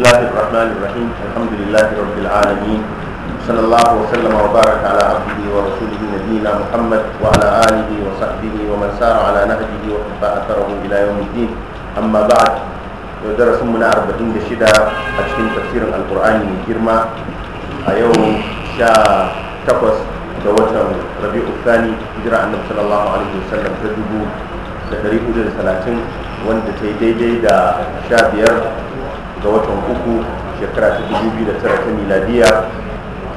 الله الرحمن الرحيم الحمد لله رب العالمين صلى الله وسلم وبارك على عبده ورسوله نبينا محمد وعلى آله وصحبه ومن سار على نهجه وحب أثره إلى يوم الدين أما بعد درس من أربعين شدة أشكين تفسير القرآن من كرمة يوم شا تقص دوة ربيع الثاني هجرة النبي صلى الله عليه وسلم تدبو da 430 wanda ta yi daidai da 15 uku shekara ta dubu biyu da tara ta miladiya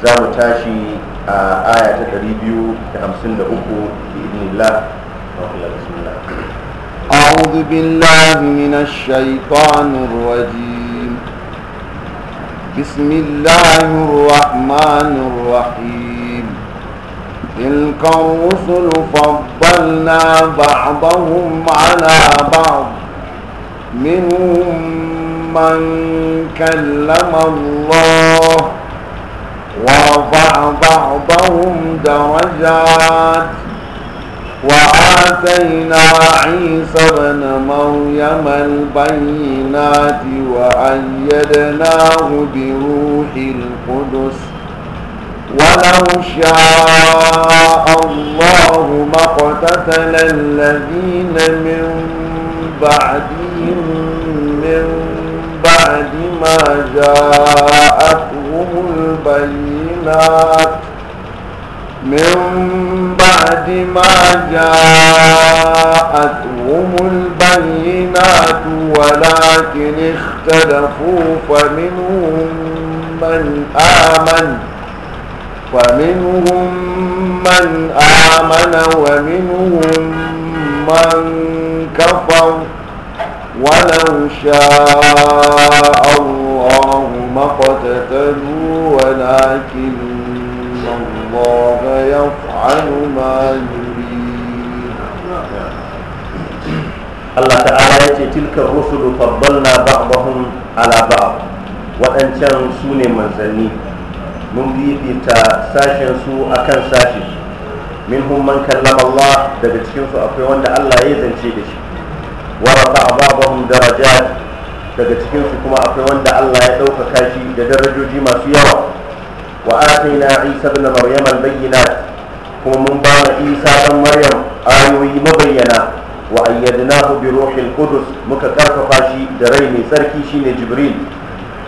za mu tashi a aya ta ɗari biyu da hamsin da uku bi idinillah أعوذ بالله من الشيطان الرجيم بسم الله الرحمن الرحيم تلك الرسل فضلنا بعضهم على بعض منهم من كلم الله ورفع بعضهم درجات وآتينا عيسى ابن مريم البينات وأيدناه بروح القدس ولو شاء الله ما اقتتل الذين من بعدهم من بعد ما جاءتهم البينات من بعد ما جاءتهم البينات ولكن اختلفوا فمنهم من آمن فمنهم من آمن ومنهم من كفر ولو شاء الله ما اقتتلوا ولكن الله يفعل ما يريد الله تعالى يتي تلك الرسل فضلنا بعضهم على بعض waɗancan sune ne manzanni mun bibita sashen su akan sashe minhum man kallama Allah daga cikin su akwai wanda Allah ya zance da shi ورفع بعضهم daraja daga cikinsu kuma akwai wanda Allah ya ɗaukaka shi da darajoji masu yawa wa ataina Isa ibn Maryam al-bayyinat kuma mun ba Isa dan Maryam ayoyi mabayyana wa ayyadnahu bi ruhil qudus muka karfafa shi da rai mai sarki shine Jibril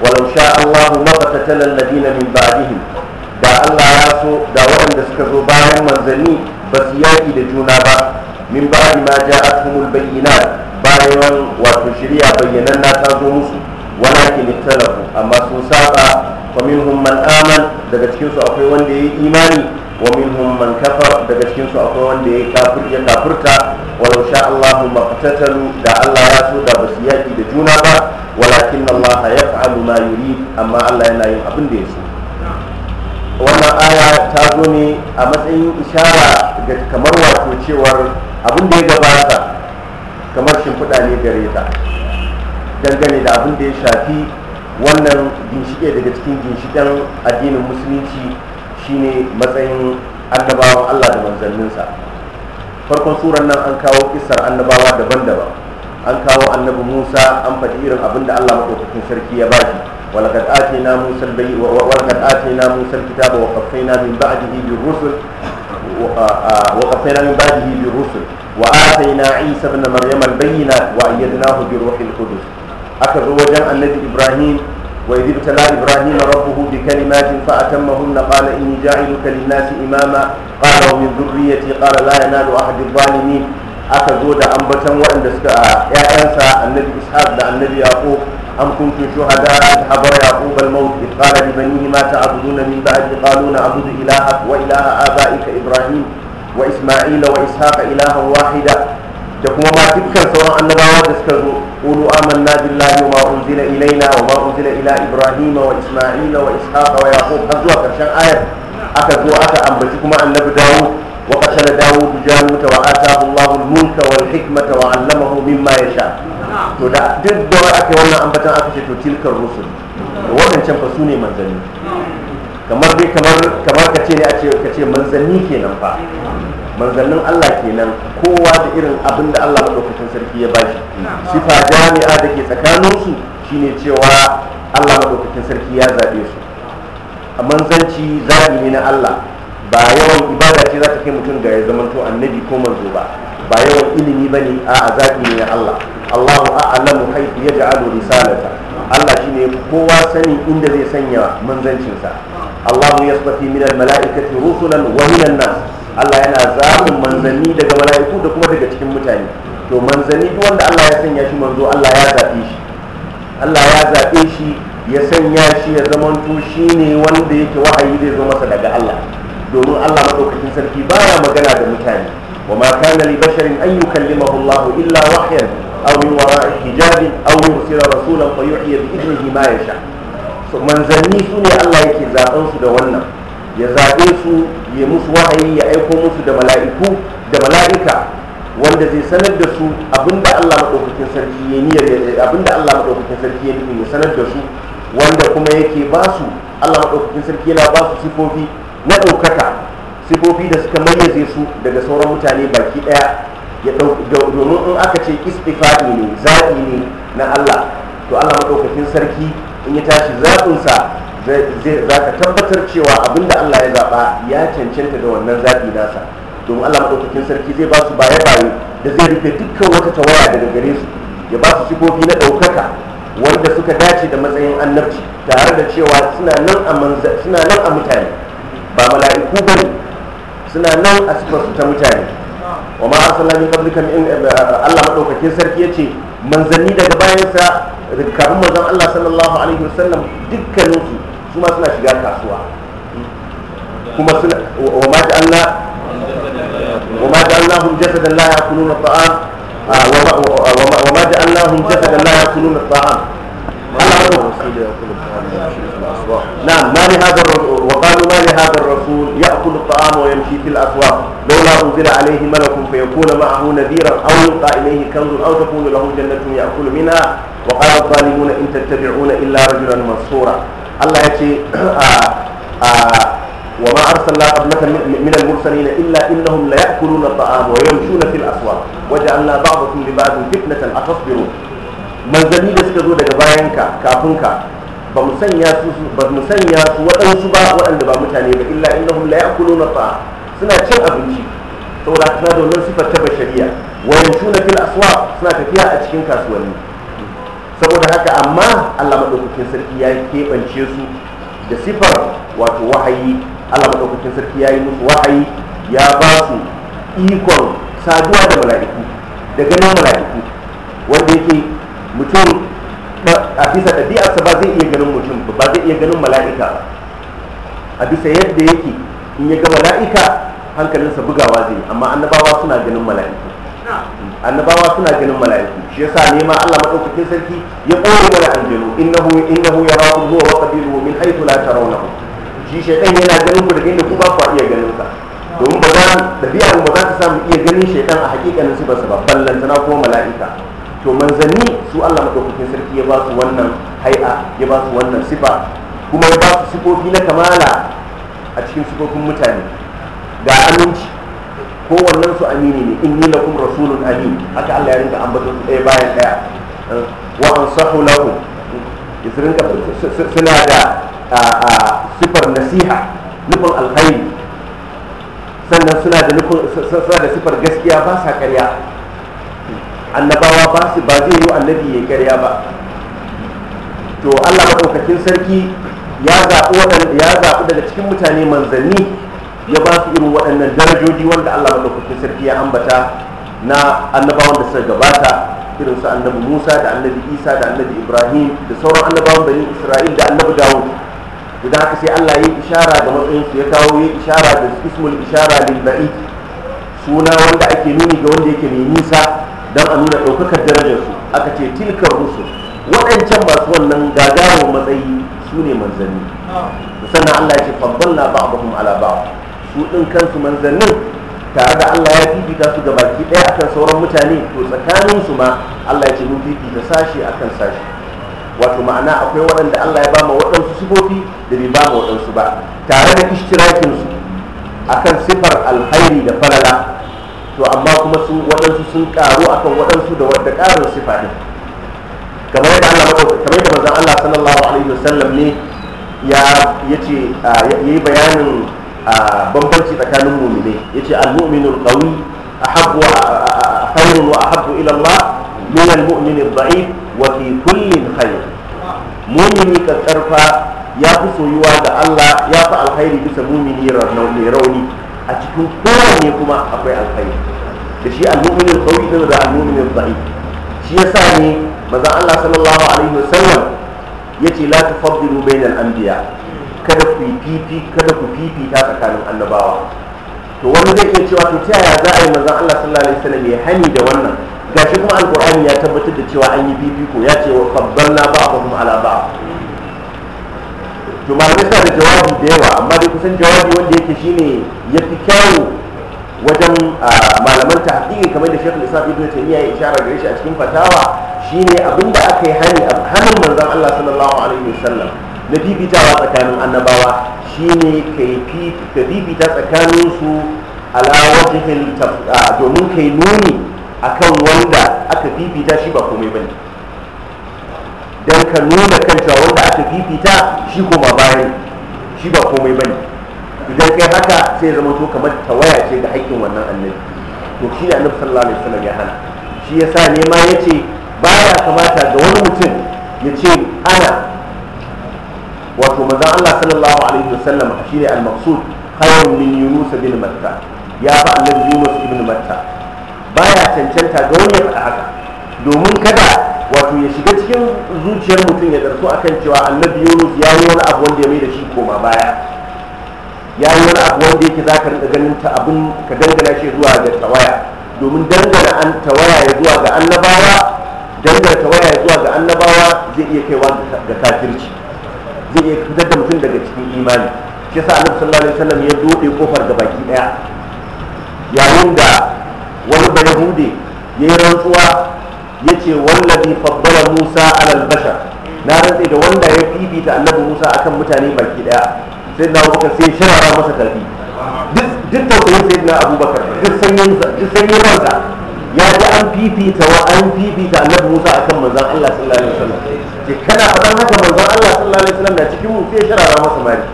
walau sha Allah ma fatatala alladina min ba'dihim da Allah ya so da waɗanda suka zo bayan manzanni ba su yaƙi da juna ba min ba'di ma ja'atuhumul bayyinat bayan wato shirya bayyanan na ta zo musu walakin iktalafu amma sun saba wa minhum man aman daga cikin su akwai wanda yayi imani wa minhum man kafar daga cikin su akwai wanda yayi kafir ya kafirta walau sha Allahu maqtatalu da Allah ya so da basu yaki da juna ba walakin Allah yaf'alu ma yurid amma Allah yana yin abin da ya so wannan aya ta zo ne a matsayin ishara ga kamar wato cewar abin da ya gabata kamar shimfiɗa ne gare ta dangane da abin da ya shafi wannan ginshiƙe daga cikin ginshiƙen addinin musulunci shine matsayin annabawan allah da manzanninsa farkon suran nan an kawo kisar annabawa daban-daban an kawo annabi musa an faɗi irin abin da allah maɗaukakin sarki ya ba shi ake na موسى البي wa kafai na min ba a بعده rusul. وقفنا من بعده بالرسل وآتينا عيسى ابن مريم البينات وأيدناه بروح القدس أكد وجن النبي إبراهيم وإذ ابتلى إبراهيم ربه بكلمات فأتمهن قال إني جاعلك للناس إماما قال ومن ذريتي قال لا ينال أحد الظالمين أكد وجن أنبتا وأن يا أنسى النبي إسحاق النبي يعقوب أم كنتم شهداء إذ حضر يعقوب الموت إذ قال لبنيه ما تعبدون من بعد قالوا نعبد إلهك وإله آبائك إبراهيم وإسماعيل وإسحاق إلها واحدا تكون ما تبكى سواء أن وادسك قولوا آمنا بالله وما أنزل إلينا وما أنزل إلى إبراهيم وإسماعيل وإسحاق ويعقوب أزوا كرشان آية أكذوا أكا أنبتكما أن نبي داود وقتل داود جالوت وآتاه الله الملك والحكمة وعلمه مما يشاء to da duk da yi wannan ambatan aka ce to tilkar rusul to wadancan fa su ne manzanni kamar dai kamar kamar ka ce ne a ce ka manzanni kenan fa manzannin Allah kenan kowa da irin abin da Allah madaukakin sarki ya bashi sifa jami'a da ke su shine cewa Allah madaukakin sarki ya zaɓe su a manzanci zaɓi ne na Allah ba yawan ibada ce za ta kai mutum ga ya zamanto annabi ko manzo ba ba yawan ilimi bane a azabi ne ya Allah Allahu a'lamu haythu yaj'alu risalata Allah shine kowa sani inda zai sanya manzancinsa Allahu yasbati min al mala'ikacin rusulan wa min nas Allah yana zaɓin manzanni daga mala'iku da kuma daga cikin mutane to manzanni duk wanda Allah ya sanya shi manzo Allah ya zaɓe shi Allah ya zaɓe shi ya sanya shi ya zamanto shi ne wanda yake wahayi zai zo masa daga Allah domin Allah maɗaukakin sarki baya magana da mutane وما كان لبشر أن يكلمه الله إلا وحيا أو من وراء حجاب أو يرسل رسولا فيحيي بإذنه ما يشاء manzanni su ne Allah yake zaɓen su da wannan ya zaɓe su ya musu wahayi ya aiko musu da mala'iku da mala'ika wanda zai sanar da su abinda Allah maɗaukakin sarki ya niyyar abinda Allah maɗaukakin sarki ya nufi sanar da su wanda kuma yake ba su maɗaukakin sarki yana basu sifofi na ɗaukaka sifofi da suka mayyaze su daga sauran mutane baki daya ya domin in aka ce istifadi ne zaɓi ne na Allah to Allah madaukakin sarki in ya tashi zaɓinsa za ka tabbatar cewa abinda Allah ya zaɓa ya cancanta da wannan zaɓi nasa domin Allah madaukakin sarki zai ba su baye baye da zai rufe dukkan wata tawaya daga gare su ya ba su sifofi na ɗaukaka wanda suka dace da matsayin annabci tare da cewa suna nan a mutane suna nan a su ta mutane wa ma arsalna min qablika Allah madaukakin sarki yace manzanni daga sa kafin manzon Allah sallallahu alaihi wasallam dukkanin su su ma suna shiga kasuwa kuma suna wa ma ja'alna wa ma ja'alnahum jasadan la ya'kuluna wa ma ja'alnahum jasadan la ya'kuluna نعم ما لهذا وقالوا ما لهذا الرسول يأكل الطعام ويمشي في الأسواق لولا أنزل عليه ملك فيكون معه نذيرا أو يلقى إليه كنز أو تكون له جنة يأكل منها وقال الظالمون إن تتبعون إلا رجلا منصورا الله يأتي آه، آه، وما أرسلنا قبلك من المرسلين إلا إنهم ليأكلون الطعام ويمشون في الأسواق وجعلنا بعضكم لبعض فتنة أتصبرون manzanni da suka zo daga bayanka kafin ka ba mu sanya su ba mu sanya su waɗansu ba waɗanda ba mutane ba illa innahum la ya'kuluna ta suna cin abinci saboda suna da wannan sifar ta bashariya wa yamshuna fil aswa suna tafiya a cikin kasuwanni saboda haka amma Allah madaukakin sarki ya keɓance su da sifar wato wahayi Allah madaukakin sarki ya yi musu wahayi ya ba su ikon saduwa da mala'iku da ganin mala'iku wanda yake mutum a bisa ɗabi'arsa ba zai iya ganin mutum ba zai iya ganin mala'ika ba a bisa yadda yake in ya ga mala'ika hankalinsa bugawa zai amma annabawa suna ganin mala'iku annabawa suna ganin mala'iku shi yasa nema Allah madaukakin sarki ya kore mana anjelu innahu innahu yarakum huwa wa qabiluhu min haythu la tarawnahu shi shaytan yana ganin ku da inda ku ba ku iya ganin sa domin ba za dabi'a ba za ta samu iya ganin shaytan a hakikanin su ba su ba ballantana ko mala'ika to manzanni su Allah madaukakin sarki ya ba su wannan hai'a ya ba su wannan sifa kuma ya ba su sifofi na kamala a cikin sifofin mutane ga aminci ko wannan su amini ne in yi lakum rasulun amin haka Allah ya rinka ambato su ɗaya bayan ɗaya wa an sahu lahu suna da sifar nasiha nufin alkhairi sannan suna da sifar gaskiya ba sa karya annabawa ba su ba zai yi annabi ya karya ba to allah maɗaukakin sarki ya zaɓi daga cikin mutane manzanni ya ba su irin waɗannan darajoji wanda allah maɗaukakin sarki ya ambata na annabawan da suka gabata irin su annabi musa da annabi isa da annabi ibrahim da sauran annabawan bani isra'il da annabi dawud idan haka sai allah ya ishara ga su ya kawo ya ishara da ismul ishara lil suna wanda ake nuni ga wanda yake mai nisa don a nuna ɗaukakar darajarsu aka ce tilkar rusul waɗancan masu wannan gagawa matsayi su ne manzanni sannan allah ya ce faddalla ba'dahum ala ba'd su ɗin kansu manzannin tare da allah ya fifita su gabaki ɗaya akan sauran mutane to tsakaninsu ma allah ya ce mun fifita sashi akan sashi wato ma'ana akwai waɗanda allah ya bama waɗansu sifofi da bai bama waɗansu ba tare da ishtirakinsu akan sifar alkhairi da falala to amma kuma sun waɗansu sun ƙaru akan waɗansu da wadda ƙarin sifa ne kamar yadda Allah kamar yadda manzon Allah sallallahu alaihi wasallam ne ya yace yayi bayanin bambanci tsakanin mu'mine yace al-mu'minu al-qawi ahabbu khairun wa ahabbu ila Allah min al-mu'min al-da'if wa fi kulli khair mu'mini ka karfa ya fi soyuwa ga Allah ya fi alkhairi bisa mu'mini rauni a cikin kowanne kuma akwai alkhairi da shi al kawai da da al-mu'min shi ya sa ne maza Allah sallallahu alaihi wasallam yace la tufaddilu bainal anbiya kada ku fifi kada ku fifita tsakanin annabawa to wani zai iya cewa to ta yaya za a yi maza Allah sallallahu alaihi wasallam ya hani da wannan gashi kuma alqur'ani ya tabbatar da cewa an yi fifiko ya ce wa faddalna ba'dahum ala ba'd to malamai suna da jawabi da yawa amma dai kusan jawabi wanda yake shine ya fi kyawu wajen ah, malaman tahqiqi kamar da Sheikh Islam Ibn Taymiyyah ya ishara gare shi a cikin fatawa shine da aka yi hani a hanin manzon Allah sallallahu alaihi wasallam na bibitawa tsakanin annabawa shine ka bibita tsakanin su ala wajhil ah, domin kai nuni akan wanda aka bibita shi ba komai bane dan ka nuna kan cewa da aka fifita shi koma baya ne shi ba komai bane ne idan kai haka sai zama to kamar tawaya ce ga haƙƙin wannan annabi to shi da annabi sallallahu alaihi wasallam ya hana shi yasa ne ma yace baya kamata ga wani mutum ya ce ana wato manzon Allah sallallahu alaihi wasallam ne al-maqsud khayrun min yunus bin matta ya fa annabi yunus ibn matta baya cancanta ga wani haka domin kada wato ya shiga cikin zuciyar mutum ya darsu akan cewa annabi yunus ya yi wani abu wanda ya mai da shi koma baya ya yi wani abu wanda yake za ka riƙa ganin ta abin ka dangana shi zuwa ga tawaya domin dangana an tawaya ya zuwa ga annabawa dangana tawaya ya zuwa ga annabawa zai iya kaiwa ga kafirci zai iya fitar da mutum daga cikin imani shi yasa annabi ya dode kofar ga baki daya yayin da wani bayahudi ya yi rantsuwa yace wallazi faddala Musa alal bashar na rantse da wanda ya fifita annabi Musa akan mutane baki daya sai na Abubakar sai shara masa karfi duk tausayin sai na Abubakar duk sanyin duk ya ji an fifita wa an fifita annabi Musa akan manzon Allah sallallahu alaihi wasallam ke kana fadan haka manzon Allah sallallahu alaihi wasallam na cikin mu sai shara masa mari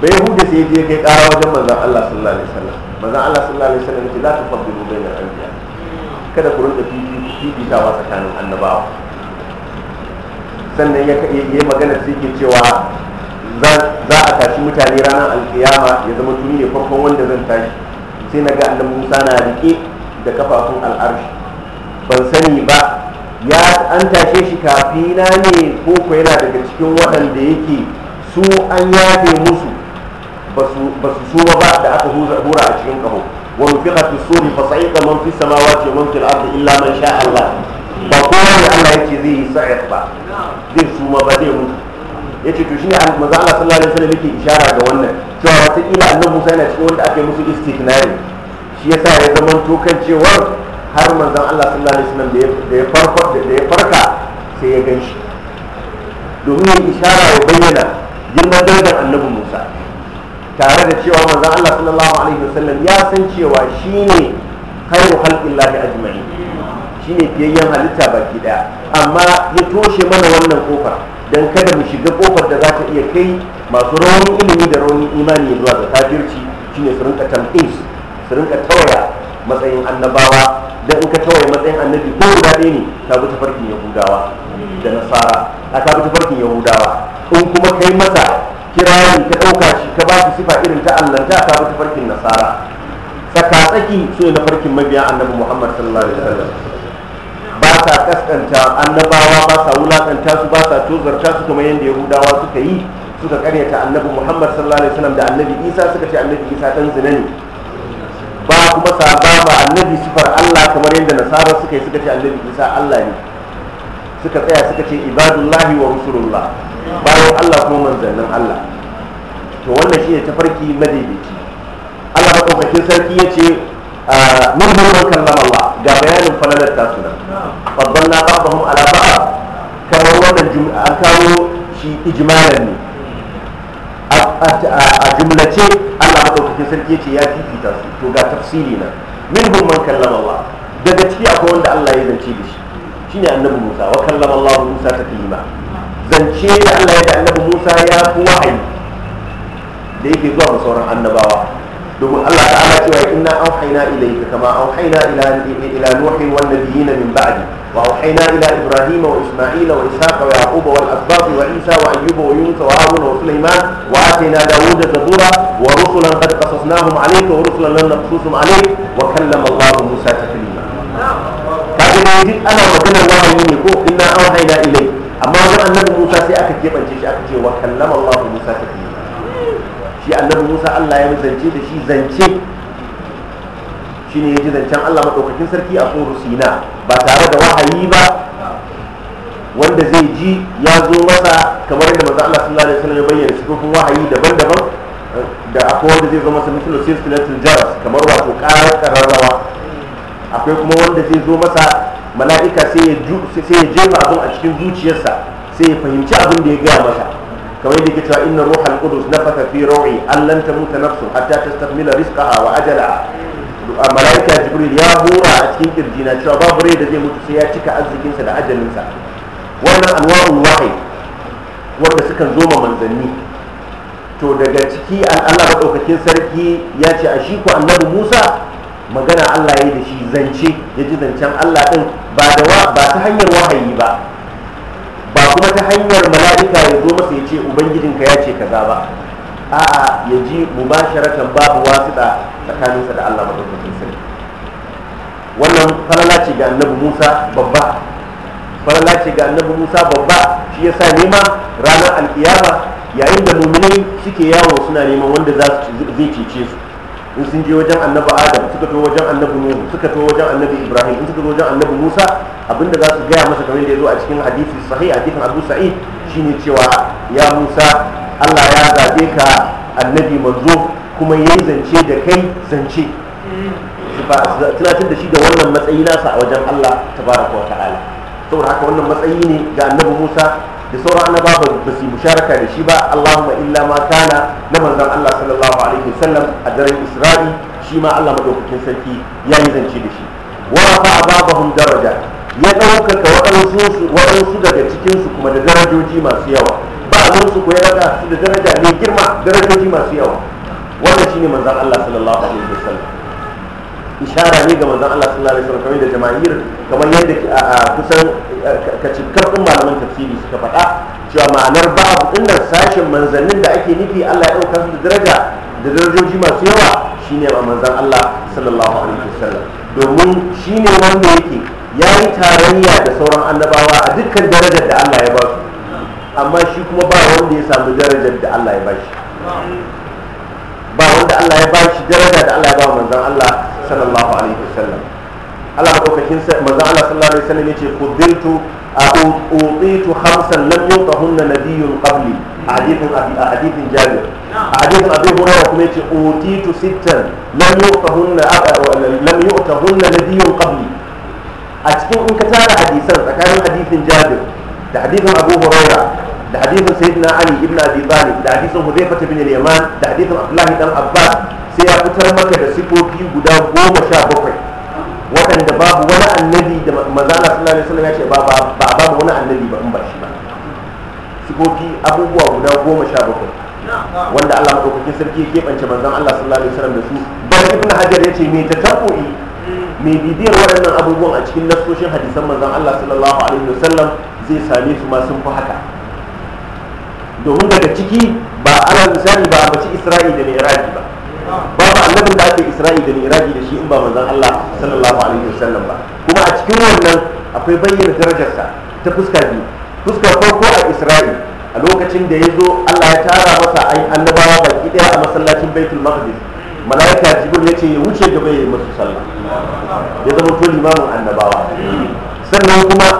bai hude sai je kai ƙara wajen manzon Allah sallallahu alaihi wasallam manzon Allah sallallahu alaihi wasallam ce mu tufaddilu bainal anbiya kada ku rinka fifitawa tsakanin annabawa sannan ya yi magana su ke cewa za a tashi mutane ranar alkiyama ya zama tuni ne farkon wanda zan tashi sai na ga annabi musa na rike da kafafun al'arshi ban sani ba ya an tashe shi kafina ne ko kuwa yana daga cikin waɗanda yake su an yafe musu ba su so ba da aka hura a cikin ƙaho ونفخ في الصور فصعق من في السماوات ومن في الارض الا من شاء الله ba kowa ne Allah yake zai yi sa'iq ba zai suma ba zai mutu yace to shine manzo Allah sallallahu alaihi wasallam yake ishara ga wannan cewa wata kila annabi Musa yana cikin wanda ake musu istiknari shi yasa ya zama to kan cewa har manzon Allah sallallahu alaihi wasallam da ya farka da ya farka sai ya ganshi domin ishara ya bayyana girman darajar annabi Musa tare da cewa manzon Allah sallallahu alaihi wasallam ya san cewa shine khairu khalqillahi ajma'in shine fiyayyen halitta baki daya amma ya toshe mana wannan kofar dan kada mu shiga kofar da za ta iya kai masu raunin ilimi da rauni imani zuwa ga kafirci shine su rinka tamhis su rinka tawaya matsayin annabawa dan in ka tawaya matsayin annabi ko guda ɗaya ne ka bi tafarkin yahudawa da nasara a ka bi tafarkin yahudawa in kuma kai masa kirayen ka ɗauka shi ka ba su sifa irin ta allanta ka bi farkin nasara Saka tsaki su ne farkin mabiya annabi muhammad sallallahu alaihi wasallam ba sa kaskanta annabawa ba sa wulakanta su ba sa tozarta su kamar yadda yahudawa suka yi suka karyata annabi muhammad sallallahu alaihi wasallam da annabi isa suka ce annabi isa dan zina ne ba kuma saba ba annabi sifar allah kamar yadda nasara suka yi suka ce annabi isa allah ne suka tsaya suka ce ibadullahi wa rusulullah bayan Allah kuma manzannin Allah to wannan shi ne tafarki madaidaiti Allah maɗaukakin sarki ya ce mahimman kallama Allah ga bayanin falalar tasu nan babban na ba bahun alaba kamar wannan an kawo shi ijimalan ne a jumlace Allah maɗaukakin sarki ya ce ya fifita su to ga tafsiri nan min man kallama Allah daga ciki akwai wanda Allah ya zance da shi shine annabi Musa wa kallama Allah Musa taklima zance da Allah ya da annabi Musa ya fi wahayi da yake zuwa ga sauran annabawa domin Allah ta'ala cewa inna auhayna ilayka kama auhayna ila ila nuhi wan nabiyina min ba'di wa an auhayna ila ibrahima wa isma'ila wa ishaqa wa yaquba wal asbaq wa isa wa ayyuba wa yunus wa harun wa sulaiman wa atayna dawuda zabura wa rusulan qad qasasnahum alayka wa rusulan lam naqsusum alayk wa kallama Allah Musa taklima kaga ne duk ana maganar wahayi ne ko inna auhayna ilayka amma wajen annabi musa sai aka keɓance shi aka ce wa kallama allah musa ta fi shi annabi musa allah ya zance da shi zance shi ne ya ji zancen allah maɗaukakin sarki a tsoro sina ba tare da wahayi ba wanda zai ji ya zo masa kamar yadda maza allah sallallahu alaihi wasallam ya bayyana sifofin wahayi daban-daban da akwai wanda zai zo masa mutum da jaras kamar wato ƙarar ƙararrawa akwai kuma wanda zai zo masa mala'ika sai ya jefa abin a cikin zuciyarsa sai ya fahimci abin da ya gaya masa kamar yadda ke cewa inna ruhal qudus fata fi ru'i allan muta nafsu hatta tastakmila rizqaha wa a mala'ika jibril ya hura a cikin kirji na cewa babu rai da zai mutu sai ya cika arzikinsa da ajalinsa wannan anwa'ul wahyi wanda sukan zo ma manzanni to daga ciki Allah daukakin sarki ya ce a shi ku annabi Musa magana Allah ya yi da shi zance ya ji zancen Allah din ba da wa ba ta hanyar wahayi ba ba kuma ta hanyar mala'ika ya zo masa ya ce ubangijinka ya ce ka za ba a'a ya ji mubasharatan babu wasiɗa tsakaninsa da Allah madaukakin sarki wannan falala ce ga annabi Musa babba falala ce ga annabi Musa babba shi yasa nema ranar alkiyama yayin da muminai suke yawo suna neman wanda zai cece su in sun je wajen annabi adam suka to wajen annabi nuhu suka to wajen annabi ibrahim in suka to wajen annabi musa abinda za su gaya masa kamar da ya zo a cikin hadisi sahih hadisin abu sa'id shine cewa ya musa allah ya zabe ka annabi manzo kuma yayi zance da kai zance tunatar da shi da wannan matsayi nasa a wajen allah tabaraka wa ta'ala saboda haka wannan matsayi ne ga annabi musa da sauran annaba ba su musharaka da shi ba Allahumma illa ma kana na manzon Allah sallallahu alaihi wasallam a daren Isra'i shi ma Allah madaukakin sarki ya yi zance da shi wa rafa'a ba'dahum daraja ya daukaka waɗansu daga cikinsu kuma da darajoji masu yawa ba a su ko ya su da daraja mai girma darajoji masu yawa wannan shine manzon Allah sallallahu alaihi wasallam ishara ne ga manzon Allah sallallahu alaihi wasallam da jama'ir kamar yadda kusan kacikkar din malaman tafsiri suka faɗa cewa ma'anar babu dinnan sashin manzannin da ake nufi Allah ya dauka su da daraja da darajoji masu yawa shine a manzon Allah sallallahu alaihi wasallam domin shine wanda yake ya yi tarayya da sauran annabawa a dukkan darajar da Allah ya ba su amma shi kuma ba wanda ya samu darajar da Allah ya ba shi ba wanda Allah ya ba shi daraja da Allah ya ba manzon Allah sallallahu alaihi wasallam Allah madaukakin manzon Allah sallallahu alaihi wasallam yace qudirtu أوطيت خمسا لم يوطهن نبي قبلي حديث أبي حديث جابر حديث أبي هريرة كما أوتيت ستا لم يوطهن لم يوطهن نبي قبلي أتكون إن كتاب حديثا فكان حديث جابر ده حديث أبو هريرة ده حديث سيدنا علي بن أبي طالب ده حديث حذيفة بن اليمان ده حديث عبد الله بن عباس sai ya fitar maka da sifofi guda goma sha bakwai waɗanda babu wani annabi da manzana sallallahu alaihi wasallam ya ce ba ba babu wani annabi ba in ba shi ba sifofi abubuwa guda goma sha bakwai wanda Allah madaukakin sarki ya keɓance manzan Allah sallallahu alaihi wasallam da su ba ibn hajar ya ce me ta tabbu'i me bibiyar waɗannan abubuwan a cikin nasoshin hadisan manzan Allah sallallahu alaihi wasallam zai same su ma sun fi haka domin daga ciki ba alal misali ba a baci isra'i da mi'raji ba babu annabin da ake isra'i da miraji da shi in ba manzan Allah sallallahu alaihi wasallam ba kuma a cikin wannan akwai bayyana darajarsa ta fuska biyu fuska farko a isra'i a lokacin da ya zo Allah ya tara masa annabawa baki daya a masallacin baitul maqdis malaika jibril ya ce ya wuce gaba ya yi masu sallah ya zama to limamin annabawa sannan kuma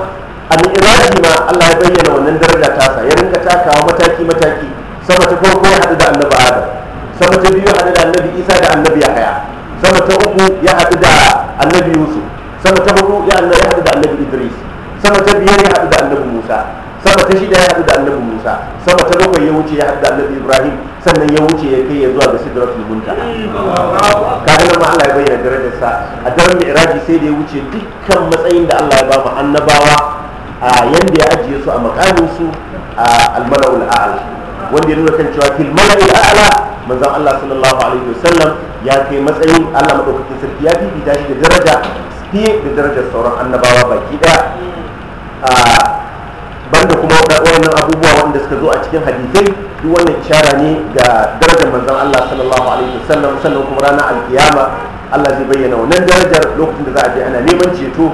a mi'iraji ma Allah ya bayyana wannan daraja tasa ya rinka takawa mataki mataki sama ta farko ya haɗu da annabawa adam sama ta biyu haɗu da annabi isa da annabi haya sama ta uku ya haɗu da annabi yusuf sama ta hudu ya haɗu da annabi idris sama ta biyar ya haɗu da annabi musa sama ta shida ya haɗu da annabi musa sama ta bakwai ya wuce ya haɗu da annabi ibrahim sannan ya wuce ya kai ya zuwa ga sidratul muntaha ga nan ma Allah ya bayyana darajar sa a daren mi'raji sai da ya wuce dukkan matsayin da Allah ya ba mu annabawa a yanda ya ajiye su a makamin su a almala'ul a'la wanda ya nuna kan cewa fil mala'il a'la manzon Allah sallallahu alaihi wasallam ya kai matsayin Allah madaukakin sarki ya fifita shi da daraja fiye da darajar sauran annabawa baki a banda kuma waɗannan abubuwa wanda suka zo a cikin hadisai duk wannan ishara ne ga darajar manzan Allah sallallahu alaihi wasallam sannan kuma ranar alkiyama Allah zai bayyana wannan darajar lokacin da za a je ana neman ceto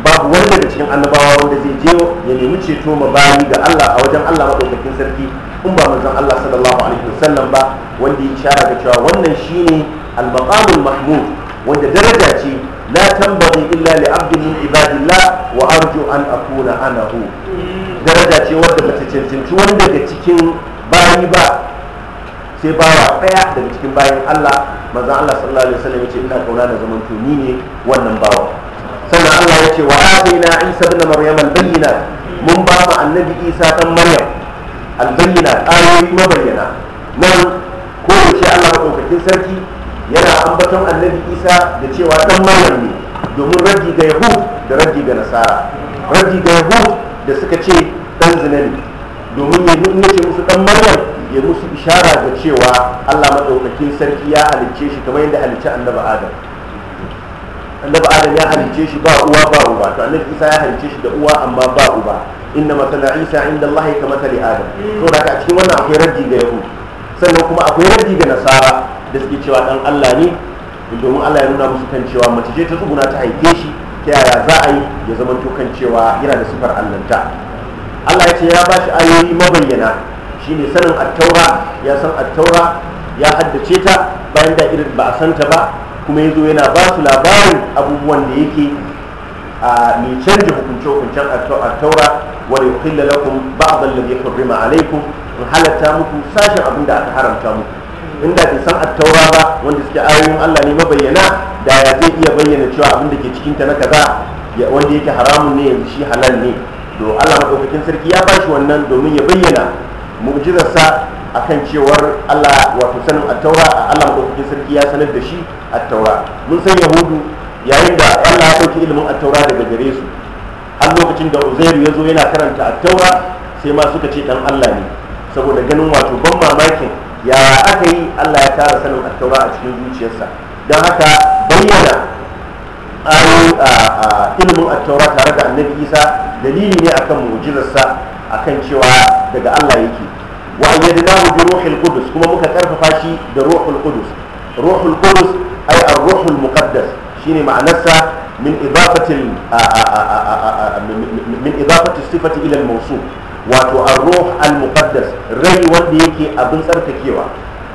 babu wanda da cikin annabawa wanda zai je ya nemi ceto ma bayi ga Allah a wajen Allah madaukakin sarki in ba manzon Allah sallallahu alaihi wasallam ba wanda ya shara da cewa wannan shine al-maqamul mahmud wanda daraja ce la tambaghi illa li abdin min ibadillah wa arju an akuna ana hu daraja ce wadda bata cancanci wani daga cikin bayi ba sai bawa daya daga cikin bayin Allah manzon Allah sallallahu alaihi wasallam yace ina kauna da zaman to ni ne wannan bawa sannan Allah yace wa atina isa ibn maryam al-bayyinat mun ba mu annabi isa dan maryam albayyana ayoyi bayyana nan ko da shi Allah madaukakin sarki yana ambaton annabi Isa da cewa dan malam ne domin raddi ga Yahud da raddi ga Nasara raddi ga Yahud da suka ce dan zina ne domin ya nuna ce musu dan maryam ya musu ishara da cewa Allah madaukakin sarki ya halicce shi kamar yadda halicce annabi Adam annabi Adam ya halicce shi ba uwa ba uba to annabi Isa ya halicce shi da uwa amma ba uba inna matala isa inda allahi ka matali adam to da a cikin wannan akwai raddi ga yahu sannan kuma akwai raddi ga nasara da suke cewa dan allah ne domin allah ya nuna musu kan cewa mace ce ta tsuguna ta haife shi ta yaya za a yi ya zama to kan cewa yana da sifar allanta allah ya ce ya bashi ayoyi mabayyana shine sanin attaura ya san attaura ya haddace ta bayan da irin ba a santa ba kuma ya zo yana ba su labarin abubuwan da yake a mai canja hukunce-hukuncen attaura wa yuhilla lakum ba'd alladhi hurrima alaykum in halatta muku sashin abin da aka haramta muku inda bai san attaura ba wanda suke ayoyin Allah ne mabayyana da ya zai iya bayyana cewa abin da ke cikin ta na kaza wanda yake haramun ne yanzu shi halal ne do Allah madaukakin sarki ya bashi wannan domin ya bayyana mu'jizarsa akan cewar Allah wato sanin attaura Allah madaukakin sarki ya sanar da shi attaura mun san yahudu yayin da Allah ya dauki ilimin attaura daga gare su har lokacin da uzairu ya zo yana karanta attaura sai ma suka ce dan allah ne saboda ganin wato ban mamakin ya aka yi allah ya tara sanin attaura a cikin zuciyarsa don haka bayyana ilimin attaura tare da annabi isa dalili ne akan mu'jizarsa akan cewa daga allah yake wa ayyadnahu bi ruhul kudus kuma muka karfafa shi da ruhul kudus ruhul qudus ay ar-ruhul muqaddas shine ma'anarsa من إضافة من idan mausu wato a ruh al-muqaddas rai wanda yake abin tsarkakewa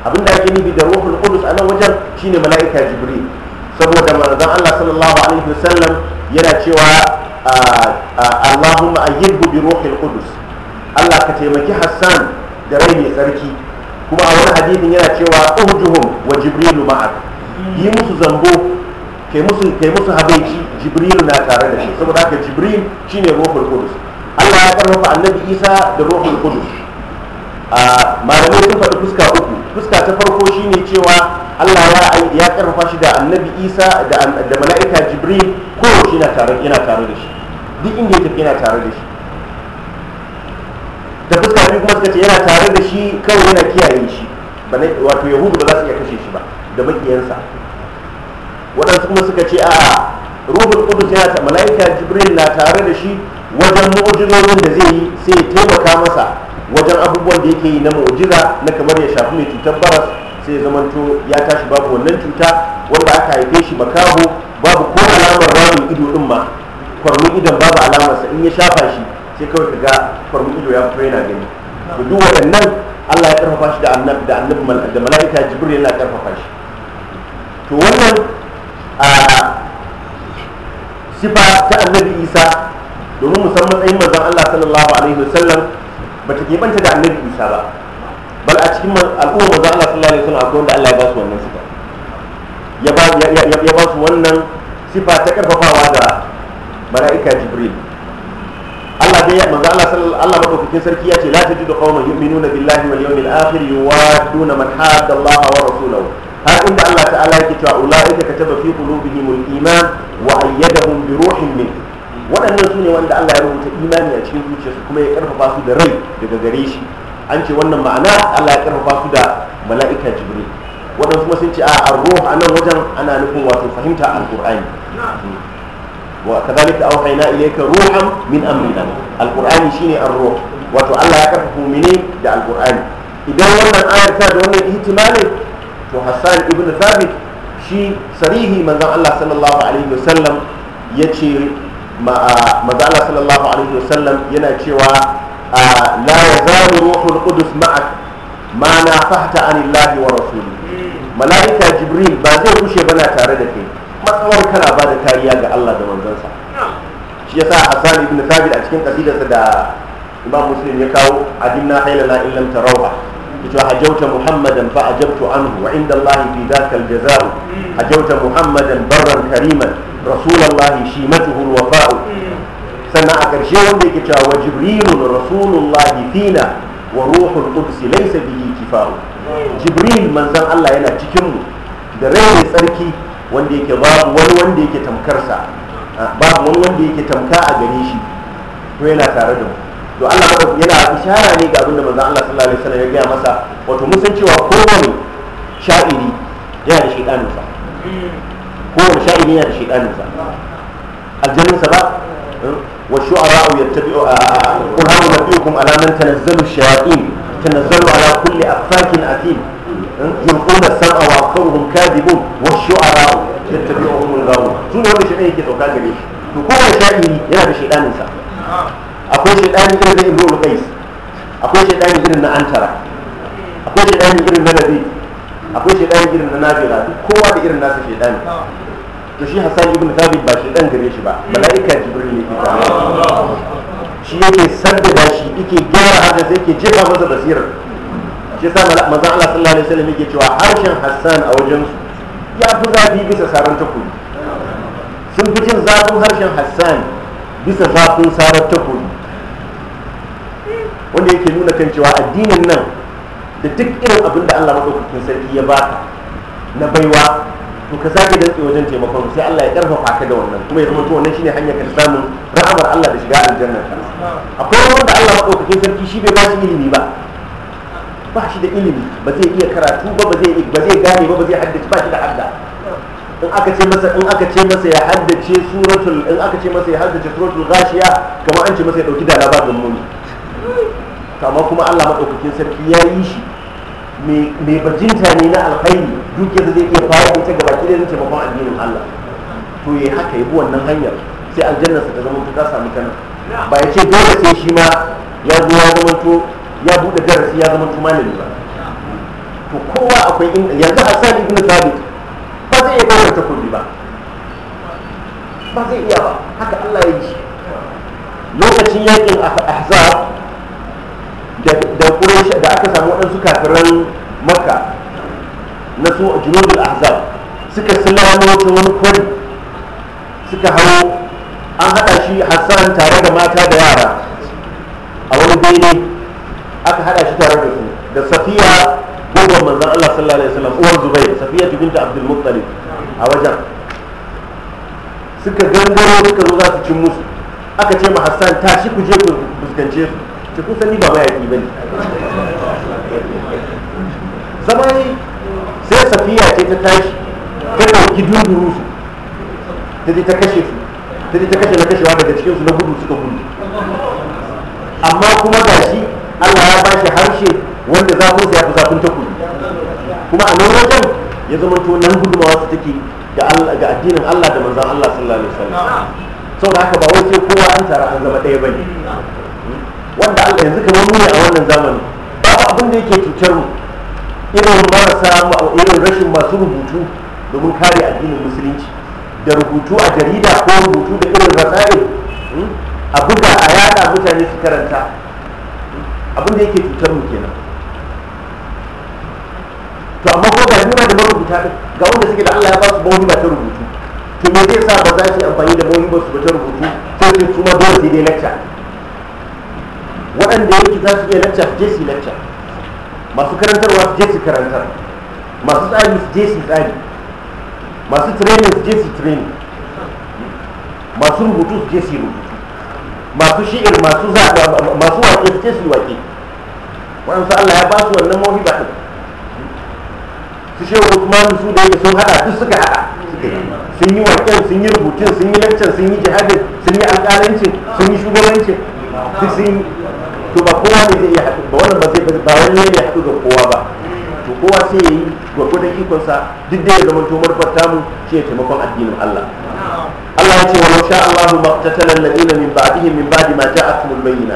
abin da ake nufi da ruhul qudus a nan wajen shine mala'ika jibril saboda manzon Allah sallallahu alaihi wasallam yana cewa a ayyidhu bi ruhil qudus Allah ka taimaki Hassan da rai mai tsarki kuma a wani hadisin yana cewa uhjuhum wa jibrilu ma'a yi musu zambo ke musu habaici jibril na tare da shi saboda haka jibril shine ruhul qudus Allah ya karfafa annabi Isa da ruhul qudus a malami sun faɗi fuska uku fuska ta farko shine cewa Allah ya ya karfafa shi da annabi Isa da da mala'ika jibril ko shi na tare yana tare da shi duk inda yake yana tare da shi da fuska biyu kuma suka ce yana tare da shi kawai yana kiyaye shi wato yahudu ba za su iya kashe shi ba da makiyansa waɗansu kuma suka ce a ruhul kudus yana ta malaika jibril na tare da shi wajen mu'ujizorin da zai yi sai ya taimaka masa wajen abubuwan da yake yi na muujiza na kamar ya shafi mai cutar baras sai ya zamanto ya tashi babu wannan cuta wanda aka haife shi makaho babu ko alamar rami ido din ma kwarmi idon babu alamarsa in ya shafa shi sai kawai ka ga kwarmi ido ya fura yana gani to duk waɗannan Allah ya karfafa shi da annabi da annabi da malaika jibril yana karfafa shi to wannan a sifa ta annabi isa domin musamman tsayin manzon allah sallallahu alaihi wasallam ba ta keɓanta da annabi isa ba bal a cikin al'ummar manzon allah sallallahu alaihi wasallam akwai wanda allah ya ba su wannan sifa ya ba su wannan sifa ta karfafawa da mala'ika jibril Allah dai manzo Allah sallallahu Allah madaukakin sarki ya ce la tajidu qauman yu'minuna billahi wal yawmil akhir yuwaduna man hadda Allah wa rasulahu har inda Allah ta'ala yake cewa ulaika kataba fi qulubihimul iman wa ayyadahum bi ruhin min waɗannan wanda Allah ya rubuta imani a cikin zuciyarsu kuma ya karfafa su da rai daga gare shi an ce wannan ma'ana Allah ya karfafa su da mala'ika jibril waɗansu kuma sun ce a arruh a nan wajen ana nufin wato fahimta alqur'ani wa kadhalika awhayna ilayka ruhan min amrina alqur'ani shine arruh wato Allah ya karfafa mini da alqur'ani idan wannan ayar ta da wannan ihtimalin to hassan ibn thabit shi sarihi manzon Allah sallallahu alaihi wasallam ya ce manzon Allah sallallahu alaihi wasallam yana cewa la yazalu ruhul qudus ma'ak ma na fahta anillahi wa rasuli mala'ika jibril ba zai kushe bana tare da kai matsawar kana ba da kariya ga Allah da manzansa shi yasa hassan ibn thabit a cikin kasidarsa da imam muslim ya kawo adinna na illam tarawha yace hajauta muhammadan fa ajabtu anhu wa inda allahi fi dhaka aljazaa hajauta muhammadan barran kariman rasulullahi shimatuhu alwafa'u sannan a ƙarshe wanda yake cewa wa jibrilun rasulullahi fina wa ruhul qudsi laysa bihi kifa'u jibril manzon allah yana cikin mu da rai tsarki wanda yake babu wani wanda yake tamkarsa babu wani wanda yake tamka a gare shi to yana tare da mu to Allah ba yana ishara ne ga abin da manzon Allah sallallahu alaihi wasallam ya gaya masa wato mun san cewa kowane sha'iri yana da shaidanin sa kowane sha'iri yana da shaidanin sa aljannin sa ba hmm? wa shu'ara yattabi'u qul hal nabiyukum ala man tanazzalu shayatin tanazzalu ala kulli afakin athim hmm? yulquna sam'a wa aktharuhum kadhibun wa shu'ara yattabi'uhum al-ghawun wanda shaidan yake dauka gare shi to kowane sha'iri yana da shaidanin sa akwai shaidani irin na ibnu qais akwai shaidani irin na antara akwai shaidani irin na nabi akwai shaidani irin na nabila duk kowa da irin nasa shaidani to shi hassan ibn thabit ba shaidan gare shi ba mala'ika jibril ne ita shi yake saddada shi yake gyara haka sai yake jefa masa basirar shi yasa manzo Allah sallallahu alaihi wasallam yake cewa harshen hassan a wajen su ya fi zafi bisa saran takobi sun fi jin zafin harshen hassan bisa zafin sarar takobi wanda yake nuna kan cewa addinin nan da duk irin abin da Allah maɗaukakin sarki ya ba baka na baiwa to ka sake dantse wajen taimakon sai Allah ya karfafa ka da wannan kuma ya zama to wannan shine hanyar ka samun ra'amar Allah da shiga aljanna akwai wanda Allah maɗaukakin sarki shi bai ba shi ilimi ba ba shi da ilimi ba zai iya karatu ba ba zai ba zai gane ba ba zai haddace ba shi da hadda in aka ce masa in aka ce masa ya haddace suratul in aka ce masa ya haddace suratul ghashiya kamar an ce masa ya dauki da labarin muni kama kuma Allah maɗaukakin sarki ya yi shi mai bajinta ne na alhaini duk da zai iya fara ita gaba ki da zai taimakon addinin Allah to yi haka yi wannan hanyar sai aljannarsa ta zama ta sami kana ba ya ce dole sai shi ma ya zo ya zama to ya buɗe darasi ya zama to malami ba to kowa akwai inda yanzu a sani ibn sabit ba zai iya ta kulli ba ba zai iya ba haka Allah ya yi lokacin yakin ahzab da ƙuraisha da aka samu waɗansu kafiran makka na su junubul ahzab suka sallama ta wani kwari suka hau an haɗa shi hassan tare da mata da yara a wani bene aka haɗa shi tare da su da safiya gogon manzan allah sallallahu alaihi wasallam uwar zubair safiya binta abdul muttalib a wajen suka gangaro suka zo za su cin musu aka ce ma hassan tashi ku je ku fuskance su ki kun sani ba mayaƙi ba ne zama ne sai safiya ce ta tashi ta ɗauki dunduru su ta ta kashe su ta ta kashe na kashewa daga cikin su na gudu suka gudu amma kuma ga shi allah ya ba shi harshe wanda zafin sa ya fi zafin takobi kuma a nan wajen ya zama to nan gudunmawa su take ga addinin allah da manzan allah sallallahu alaihi wasallam saboda haka ba wai sai kowa an tara an zama ɗaya ba ne wanda allah yanzu kamar mu ne a wannan zamani babu abin da yake cutar mu irin marasa irin rashin masu rubutu domin kare addinin musulunci da rubutu a jarida ko rubutu da irin rasa'il hmm, a buga a yada mutane su karanta abin da yake cutar mu kenan to amma ko ga nuna da marubuta ga wanda suke da allah ya ba su mawuhima ta rubutu to me zai sa ba za su yi amfani da ba su ba ta rubutu sai su kuma dole sai dai lecture waɗanda yake za su iya lacca su je su lacca masu karantarwa su je su karantar masu tsari su je su tsari masu training su je su training masu rubutu su je su rubutu masu shi'ir masu zaɓa masu wake su je su wake waɗansu Allah ya ba su wannan mawafi ba su shehu Usman su da yake sun haɗa duk suka haɗa sun yi wakil sun yi rubutun sun yi laccan sun yi jihadin sun yi alƙalancin sun yi shugabancin duk sun yi to ba kowa ne zai iya haɗu ba wannan ba zai ba wani ne haɗu da kowa ba to kowa sai ya yi gwagwadon ikonsa duk da ya zama to manufar tamu shi ya taimakon addinin Allah Allah ya ce wa sha Allahu maqtatala ladina min ba'dihim min ba'di ma ja'atuhum bayyina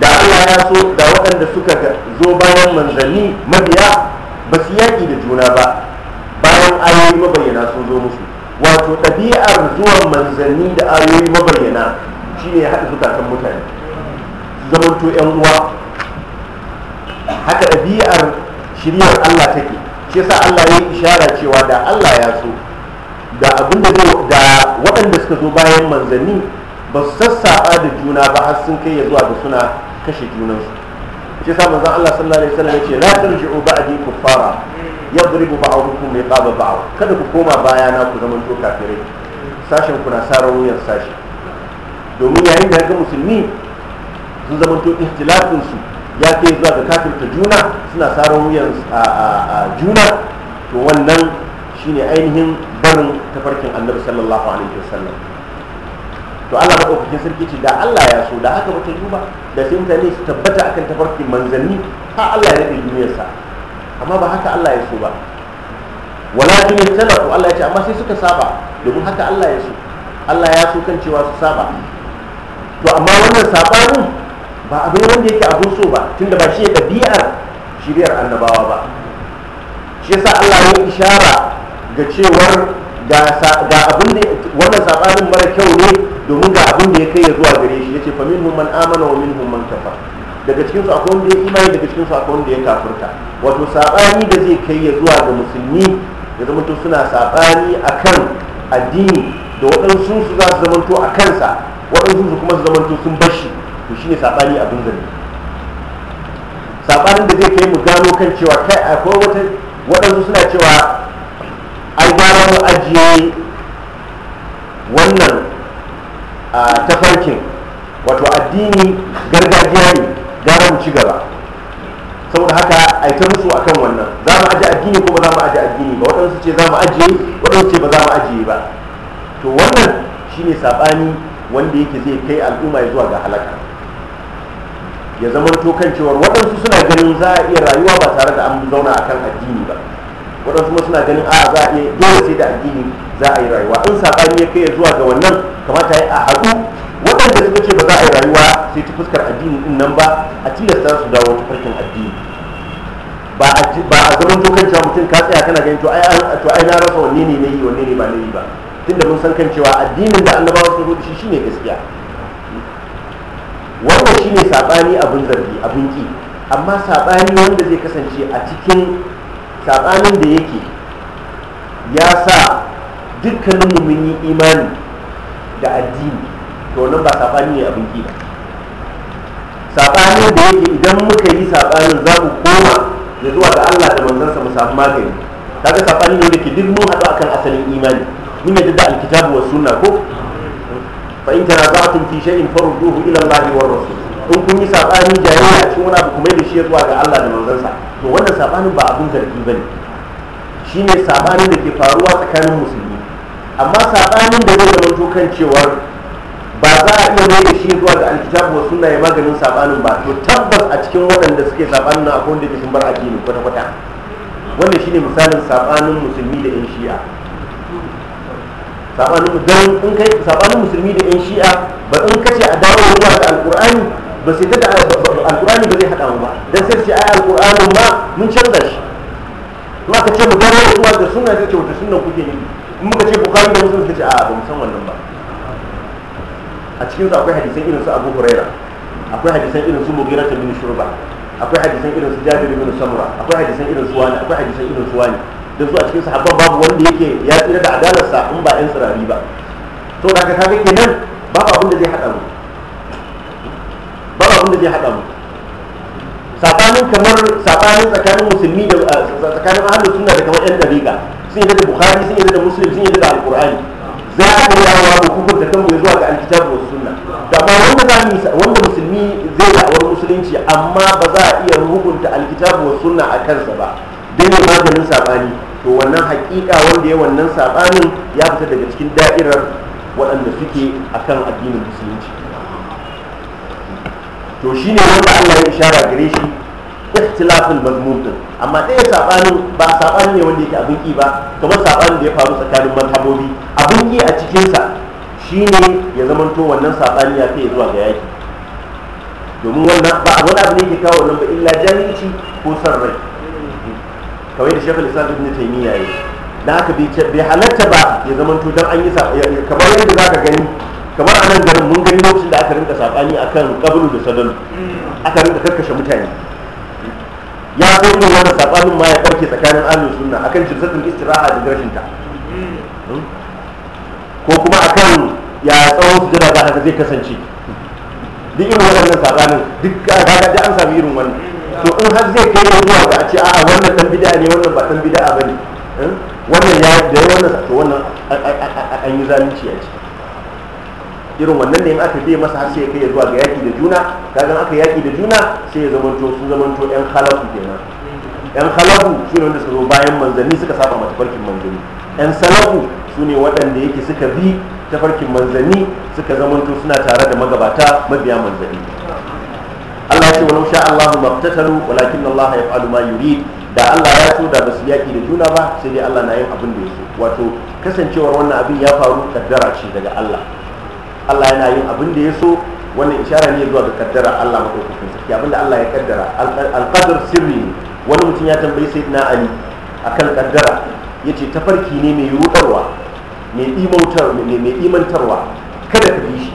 da Allah ya so da waɗanda suka zo bayan manzanni mabiya ba su yaƙi da juna ba bayan ayoyi mabayyana sun zo musu wato ɗabi'ar zuwan manzanni da ayoyi mabayyana shine ya haɗa zukatan mutane zamanto yan uwa haka ɗabi'ar shiryar Allah take shi yasa Allah ya yi ishara cewa da Allah ya so da abin da da waɗanda suka zo bayan manzanni ba su sassaɓa da juna ba har sun kai ya zuwa da suna kashe junansu shi yasa manzon Allah sallallahu alaihi wasallam ya ce la tarji'u ba'di kuffara yadribu ba'dukum riqaba ba'd kada ku koma baya na ku zaman to kafirai sashen ku na sarar wuyan sashi domin yayin da ga musulmi sun zama to ihtilafin su ya kai zuwa ga kafirta juna suna saron wuyan juna to wannan shine ainihin barin tafarkin annabi sallallahu alaihi wasallam to Allah madaukakin sarki ce da Allah ya so da haka mutum duba da sai mutane su tabbata akan tafarkin manzanni ha Allah ya rage duniyarsa amma ba haka Allah ya so ba walakin talafu Allah ya ce amma sai suka saba domin haka Allah ya so Allah ya so kan cewa su saba to amma wannan sabanin ba abin wanda yake abin so ba tunda ba shi ya ɗabi'ar shiriyar annabawa ba shi yasa Allah ya ishara ga cewar ga abin da wannan sabanin mara kyau ne domin ga abin da ya kai ya zuwa gare shi yace fa minhum man amana wa min man kafa daga cikin su akwai wanda ya imani daga cikin su akwai wanda ya kafurta wato sabani da zai kai ya zuwa ga musulmi ya zama to suna sabani akan addini da waɗansu su za su zamanto a kansa waɗansu su kuma su zamanto sun bashi to ne saɓani abin zane saɓanin da zai kai mu gano kan cewa kai akwai wata waɗansu suna cewa an gano mu ajiye wannan tafarkin wato addini gargajiya ne gano mu ci gaba saboda haka a ta musu a kan wannan za mu ajiye addini ko ba za mu ajiye addini ba waɗansu ce za mu ajiye waɗansu ce ba za mu ajiye ba to wannan shine saɓani wanda yake zai kai al'umma zuwa ga halaka ya zama kan cewar waɗansu suna ganin za a iya rayuwa ba tare da an zauna a kan addini ba waɗansu kuma suna ganin a za a iya dole sai da addini za a yi rayuwa in saɓani ya kai ya zuwa ga wannan kamata ya a haɗu waɗanda suka ce ba za a yi rayuwa sai ta fuskar addini ɗin nan ba a tilasta su dawo farkin addini ba a zaman kan cewa mutum ka tsaya kana ganin to ai na rasa wanne ne na yi wanne ne ba na yi ba tunda mun san kan cewa addinin da annabawa sun rubuta shi shine gaskiya wannan shine saɓani abin zargi abin ki amma saɓani wanda zai kasance a cikin saɓanin da yake ya sa dukkaninmu mun yi imani da addini to wannan ba saɓani ne abin ki ba saɓanin da yake idan muka yi saɓanin za mu koma da zuwa ga allah da manzansa mu samu magani kaga saɓani ne da ke duk mun haɗu akan asalin imani mun yadda da alkitabu wa sunna ko fa in tanaza'tum fi shay'in farudduhu ila Allahi wa rasul in kun yi sabani jayayya a cikin wani abu kuma da shi ya zuwa ga Allah da manzansa to wannan sabanin ba abin zargi bane shine sabanin da ke faruwa tsakanin musulmi amma sabanin da zai zama kan cewar ba za a iya mai da shi zuwa ga alkitabu wa sunna ya maganin sabanin ba to tabbas a cikin waɗanda suke sabanin na akwai da ke sun bar addini kwata-kwata wannan shine misalin sabanin musulmi da 'yan shi'a sabanin musulmi da yan shi'a ba in kace a dawo zuwa ga alqur'ani ba sai ta da alqur'ani ba zai hada mu ba dan sai sai ai alqur'anin ma mun canza shi kuma ka ce mu dawo zuwa ga sunna zai ce wata sunna kuke yi in muka ce bukhari da musulmi kace a ba mu san wannan ba a cikin akwai hadisan irin su abu huraira akwai hadisan irin su mugira ta bin shurba akwai hadisan irin su jabir bin samura akwai hadisan irin su wani akwai hadisan irin su wani da su a cikin sahabban babu wanda yake ya tsira da adalarsa in ba yan tsirari ba to da ka ga kenan ba abin da zai hada mu ba abin da zai haɗa mu sabanin kamar sabanin tsakanin musulmi da tsakanin ahlus sunna da kamar yan dariqa sun yi da bukhari sun yi da muslim sun yi da alqur'ani za ka yi yawa da kufur da tambaye zuwa ga alkitabu wa sunna da ba wanda za mu wanda musulmi zai da'awar musulunci amma ba za a iya hukunta alkitabu wa sunna a kansa ba dai dan maganin sabani to wannan hakika wanda ya wannan sabanin ya fita daga cikin da'irar waɗanda suke a kan addinin musulunci to shi ne wanda Allah ya ishara gare shi ikhtilafin mazmun din amma ɗaya sabanin ba sabanin ne wanda yake abin ki ba kamar sabanin da ya faru tsakanin mazhabobi abin ki a cikin sa shine ya zamanto wannan sabani ya kai zuwa ga yaki domin wannan ba wani abu ne ke kawo wannan ba illa jahilci ko san rai kawai da shekul islam ibn taymiya yi da haka bai halatta ba ya to dan an yi kamar yadda za ka gani kamar a nan garin mun gani lokacin da aka rinka saɓani akan kabulu da sadalu aka rinka karkashe mutane ya ko yin wannan saɓanin ma ya barke tsakanin alu sunna akan jirsatin istiraha da garshin ta hmm? ko kuma akan ya tsawon jira za ka zai kasance duk irin waɗannan saɓanin duk ga an sami irin wannan to in har zai kai yanzu a ga a ce a'a wannan dan bid'a ne wannan ba dan bid'a bane hmm? wannan ya da wannan to wannan an yi zalunci a ciki irin wannan ne in aka bi masa har sai ya kai zuwa ga yaki da juna kaga aka yaki da juna sai ya to su to yan khalafu kenan yan khalafu su ne wanda suka zo bayan manzanni suka saba farkin manzanni yan salafu su ne waɗanda yake suka bi tafarkin manzanni suka zamanto suna tare da magabata mabiya manzanni Allah ya ce wani sha Allahu mabtatalu walakin Allah ya fa'alu ma yurid da Allah ya so da basu yaki da juna ba sai dai Allah na yin abin da ya so wato kasancewar wannan abin ya faru kaddara ce daga Allah Allah yana yin abin da ya so wannan ishara ne zuwa ga kaddara Allah kai sarki abin da Allah ya kaddara alqadar sirri ne wani mutum ya tambayi sayyidina Ali akan kaddara yace tafarki ne mai yudarwa mai mai imantarwa kada ka bi shi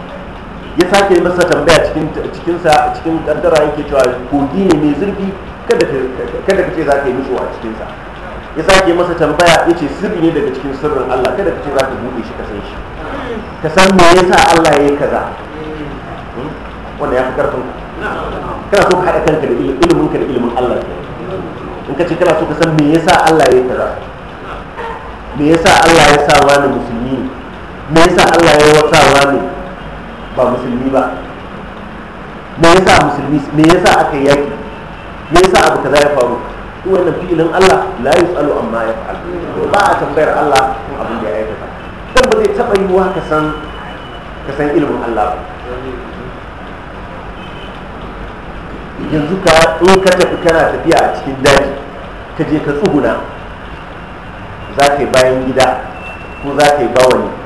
ya sake masa tambaya cikin cikinsa cikin kaddara yake cewa kogi ne mai zurfi kada kada kace za ka yi musu a cikinsa ya sake masa tambaya ya ce sirri ne daga cikin sirrin Allah kada kace za ka buɗe shi ka san shi ka san me yasa Allah ya yi kaza hmm? wanda ya fi karfin kana so ka haɗa kanka da ilimin ka da ilimin Allah in ka ce kana so ka san me yasa Allah ya yi kaza me yasa Allah ya sa wani musulmi me yasa Allah ya wasa wani ba musulmi ba me yasa musulmi me yasa aka yi yaki me yasa abu kaza ya faru wannan fi'ilin Allah la yusalu amma ya fa'al ba a tambayar Allah abin da ya aikata dan ba zai taba wa ka san ka san ilimin Allah ba yanzu ka in ka tafi kana tafiya a cikin daji ka je ka tsuguna za ka yi bayan gida ko za ka yi bawani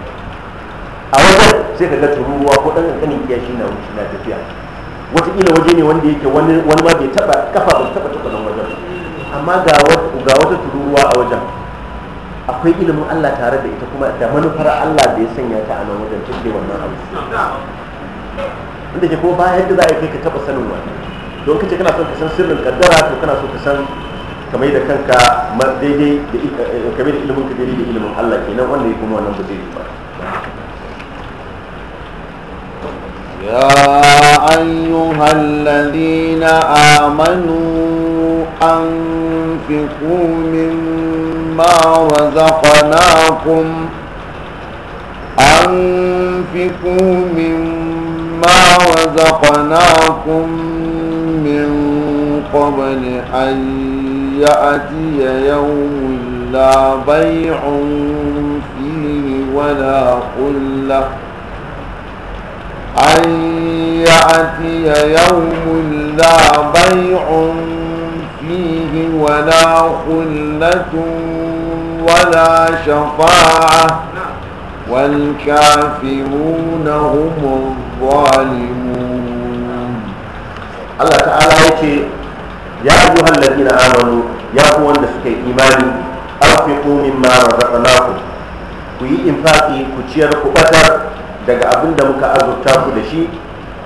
a wajen sai ka ga tururuwa ko ɗan ƙanƙanin shi na wuce na tafiya wataƙila waje ne wanda yake wani ma bai taɓa kafa ba taɓa taɓa nan wajen amma ga wata tururuwa a wajen akwai ilimin Allah tare da ita kuma da manufar Allah da ya sanya ta a nan wajen take wannan abu wanda ke kuma ba yadda za a kai ka taɓa sanin wani don kace kana son ka san sirrin kaddara to kana so ka san kamar da kanka daidai da eh, da ilimin ka daidai da ilimin Allah kenan wanda ya kuma wannan ba zai yi ba يا أيها الذين آمنوا أنفقوا مما رزقناكم أنفقوا مما رزقناكم من قبل أن يأتي يوم لا بيع فيه ولا خلة أن يأتي يوم لا بيع فيه ولا خلة ولا شفاعة والكافرون هم الظالمون الله تعالى يتي يا أيها الذين آمنوا يا أخوان دسكي إيماني أنفقوا مما رزقناكم وي إنفاقي كتير كبتر daga abin da muka azurta ku da shi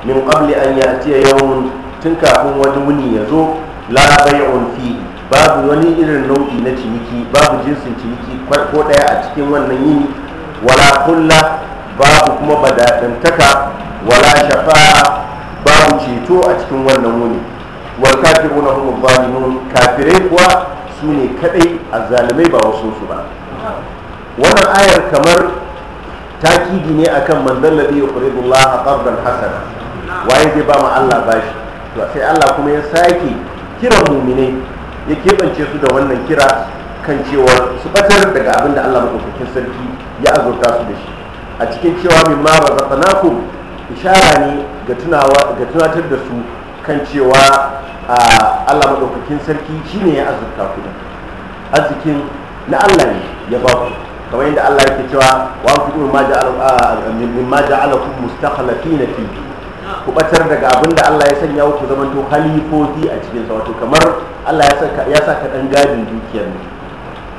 min qabli an ya'tiya yawmun tun kafin wani wuni ya zo la bay'un fi babu wani irin nau'i na ciniki babu jinsin ciniki ko daya a cikin wannan yini wala kulla babu kuma badadantaka wala shafa'a babu ceto a cikin wannan wuni wal kafiruna hum zalimun kafirai kuwa su ne kadai azzalimai ba wasu su ba wannan ayar kamar takidi ne akan man dalla yuqridu Allah qardan hasana waye zai ba mu Allah bashi to sai Allah kuma ya sake kiran mu'minai ya kebance su da wannan kira kan cewa su batar daga abin da Allah madaukakin sarki ya azurta su da shi a cikin cewa min ma razaqnakum ishara ne ga tunawa ga tunatar da su kan cewa Allah madaukakin sarki shine ya azurta ku da azikin na Allah ne ya ba ku kamar yadda Allah yake cewa wa ma mimma ja'ala mimma ja'alakum na fi ku batar daga abin da Allah ya sanya ku zama to halifofi a cikin sa wato kamar Allah ya saka ya saka dan gadin dukiyar ne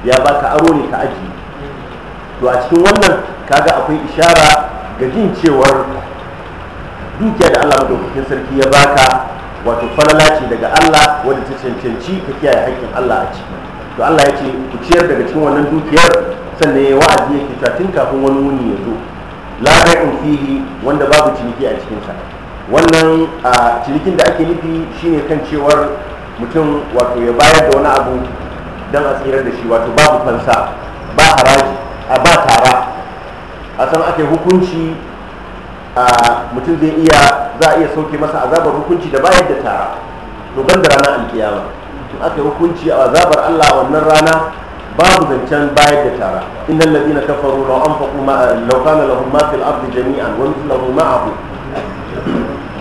ya baka aro ne ka aji to a cikin wannan kaga akwai ishara ga jin cewar dukiya da Allah madaukakin sarki ya baka wato falala ce daga Allah wanda ta cancanci ka kiyaye haƙƙin Allah a ciki to Allah ya ce ku ciyar daga cikin wannan dukiyar sannan ya wa'azi ya kyauta tun kafin wani wuni ya zo la bai'un fihi wanda babu ciniki a cikinsa wannan cinikin da ake nufi shine kan cewar mutum wato ya bayar da wani abu don a tsirar da shi wato babu fansa ba haraji a ba tara a san ake hukunci a mutum zai iya za a iya sauke masa azabar hukunci da bayar da tara to ban da ranar alkiyama in aka hukunci a azabar allah wannan rana babu zancen bayar da tara innal na kafaru law anfaqu ma law kana lahum ma fil ardi jami'an wa mithluhu ma'ahu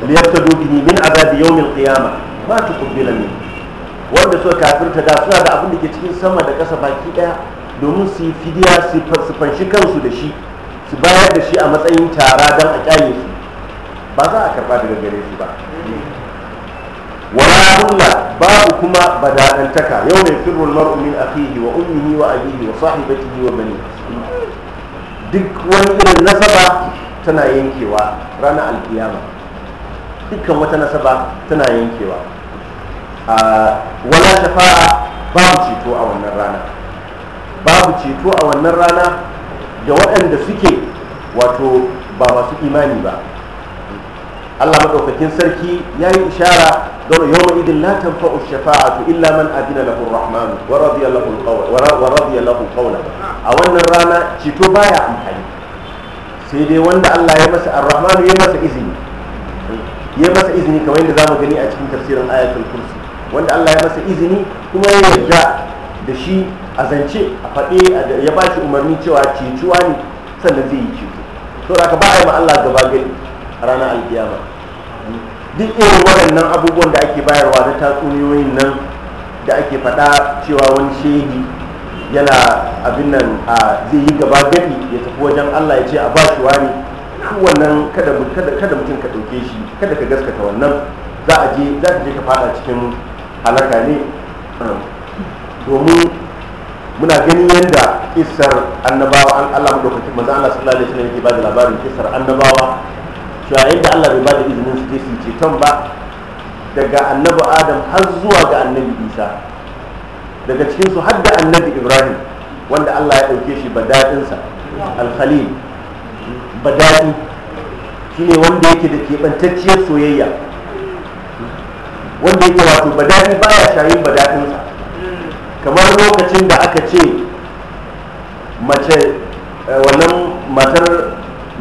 liyaftadu bihi min azabi yawm al qiyamah ma tuqbila min wanda suka kafirta da suna da abin da ke cikin sama da ƙasa baki daya domin su yi fidiya su fanshi kansu da shi su bayar da shi a matsayin tara don a kyaye su ba za a karba daga gare su ba wala bulla babu kuma bada'antaka yau mai firul mar'u min akhihi wa ummihi wa abihi wa sahibatihi wa bani duk wani irin nasaba tana yankewa ranar alkiyama dukkan wata nasaba tana yankewa wala shafa'a babu ceto a wannan rana babu ceto a wannan rana da waɗanda suke wato ba masu imani ba allah maɗaukakin sarki ya yi ishara don yawma idin la a su illa man a dina ar-rahman wa radiya lahu al a wannan rana cito baya amfani sai dai wanda Allah ya masa ar ya masa izini ya masa izini kamar yadda zamu gani a cikin tafsirin ayatul kursi wanda Allah ya masa izini kuma ya yarda da shi a zance a faɗe ya ba shi umarni cewa cicuwa ne sannan zai yi cito to da ba Allah gaba gari a ranar alkiyama duk irin waɗannan abubuwan da ake bayarwa na tatsuniyoyin nan da ake faɗa cewa wani shehi yana abin nan a zai yi gaba gadi ya tafi wajen allah ya ce a ba shi wani wannan kada mutum ka ɗauke shi kada ka gaskata wannan za a je za ka je ka fada cikin halaka ne domin muna ganin yadda kisar annabawa an allah madaukakin maza allah sallallahu alaihi wasallam yake ba da labarin kisar annabawa cewa yadda Allah bai ba da izinin su je su ceton ba daga annabi Adam har zuwa ga annabi Isa daga cikin su har da annabi Ibrahim wanda Allah ya ɗauke shi sa al-khalil shi ne wanda yake da keɓantacciyar soyayya wanda yake wato bada'i baya shayin bada'insa kamar lokacin da aka ce mace eh, wannan matar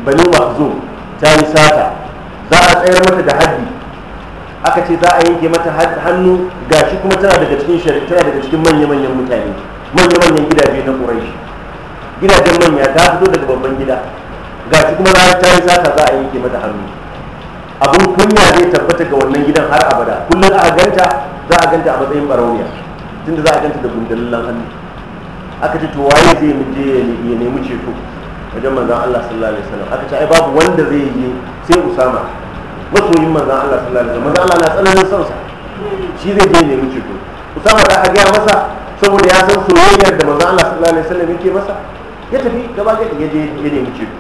bani mahzum ta yi sata za a tsayar mata da haddi aka ce za a yanke mata hannu gashi kuma tana daga cikin shari'a tana daga cikin manya-manyan mutane manya-manyan gidaje na ƙurashi gidajen manya ta fito daga babban gida gashi kuma za ta yi sata za a yanke mata hannu abin kunya zai tabbata ga wannan gidan har abada kullum a ganta za a ganta a matsayin barauniya tunda za a ganta da gundallan hannu aka ce to waye zai je ya nemi ceto wajen manzan Allah sallallahu alaihi wasallam aka ce ai babu wanda zai yi sai Usama masoyin manzan Allah sallallahu alaihi wasallam manzan Allah na tsananin son sa shi zai je ne muke to Usama da aka ga masa saboda ya san soyayyar da manzan Allah sallallahu alaihi wasallam yake masa ya tafi gaba ga ya je ya nemi ceto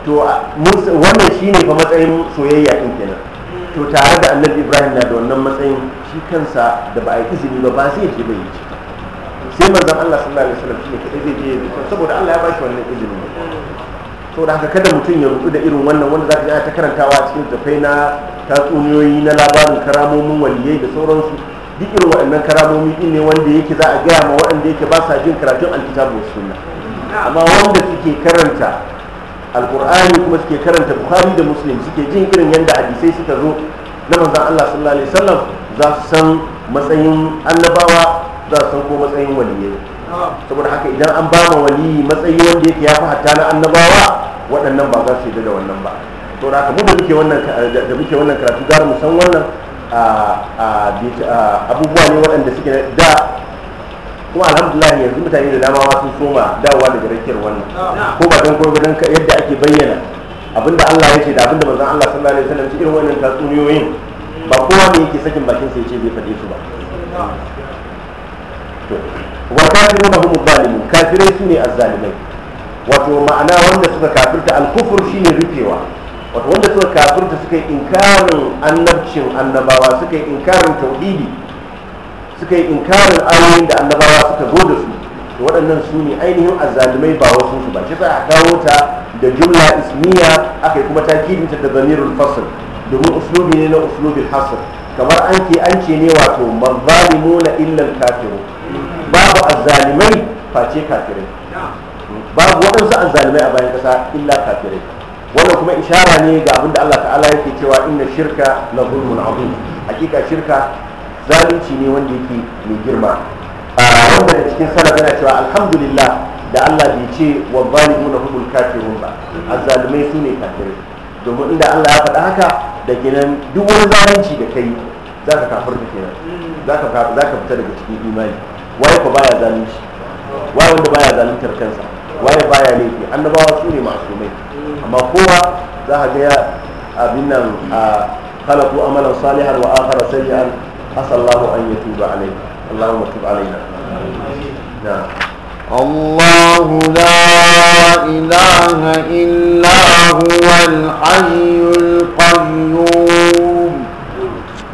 to wannan shine fa matsayin soyayya din kenan to tare da annabi Ibrahim na da wannan matsayin shi kansa da ba a yi izini ba ba sai ya je bai yi sai manzon Allah sallallahu alaihi wasallam shine kadai zai je ya duka saboda Allah ya bashi wannan ilimi da haka kada mutum ya rutu da irin wannan wanda za ka ji ta karantawa cikin tafai na tatsuniyoyi na labarin karamomin waliyai da sauransu duk irin waɗannan karamomi din ne wanda yake za a gaya ma waɗanda yake ba sa jin karatun alkitabu sunna amma wanda suke karanta alkur'ani kuma suke karanta bukhari da muslim suke jin irin yadda hadisai suka zo na manzon Allah sallallahu alaihi wasallam za su san matsayin annabawa za a ko matsayin waliyai saboda haka idan an ba ma waliyi matsayi wanda yake ya fi hatta na annabawa waɗannan ba za su yi da wannan ba to da haka mu da muke wannan da muke wannan karatu gara mu san wannan abubuwa ne waɗanda suke da kuma alhamdulillah yanzu mutane da dama ma sun soma dawowa daga rakiyar wannan ko ba don gobe don yadda ake bayyana abinda Allah ya ce da abinda manzon Allah sallallahu alaihi wasallam irin wannan tatsuniyoyin ba kowa ne yake sakin bakin sa yace bai fade su ba wa kafiruna hum zalimun kafirai sune azzalimai wato ma'ana wanda suka kafirta al-kufr shine rufewa wato wanda suka kafirta suka yi inkarin annabcin annabawa suka yi inkarin tauhidi suka yi inkarin ayoyin da annabawa suka zo da su to waɗannan su ne ainihin azzalimai ba wasu su ba shi sa a kawo ta da jumla ismiya aka yi kuma kidinta da zamirul fasl domin uslubi ne na uslubin hasr kamar an ce an ce ne wato mazalimuna illal kafirun babu azzalimai face kafirai babu waɗansu azzalimai a bayan ƙasa illa kafirai wannan kuma ishara ne ga abin da Allah ta'ala yake cewa inna shirka la zulmun azim hakika shirka zalunci ne wanda yake mai girma wanda da cikin salaf yana cewa alhamdulillah da Allah bai ce wa zalimuna humul kafirun ba azzalimai su ne kafirai domin inda Allah ya faɗa haka da kenan duk wani zalunci da kai za ka kafirta kenan za ka fita daga cikin imani waye ko baya shi waye wanda baya zaluntar kansa waye baya laifi annabawa su ne masu masumai amma kowa za ka ga abin nan a khalaqu amalan salihan wa akhara sayyi'an asallahu an yatuba alayhi allahumma tub alaina na'am الله لا إله إلا هو الحي القيوم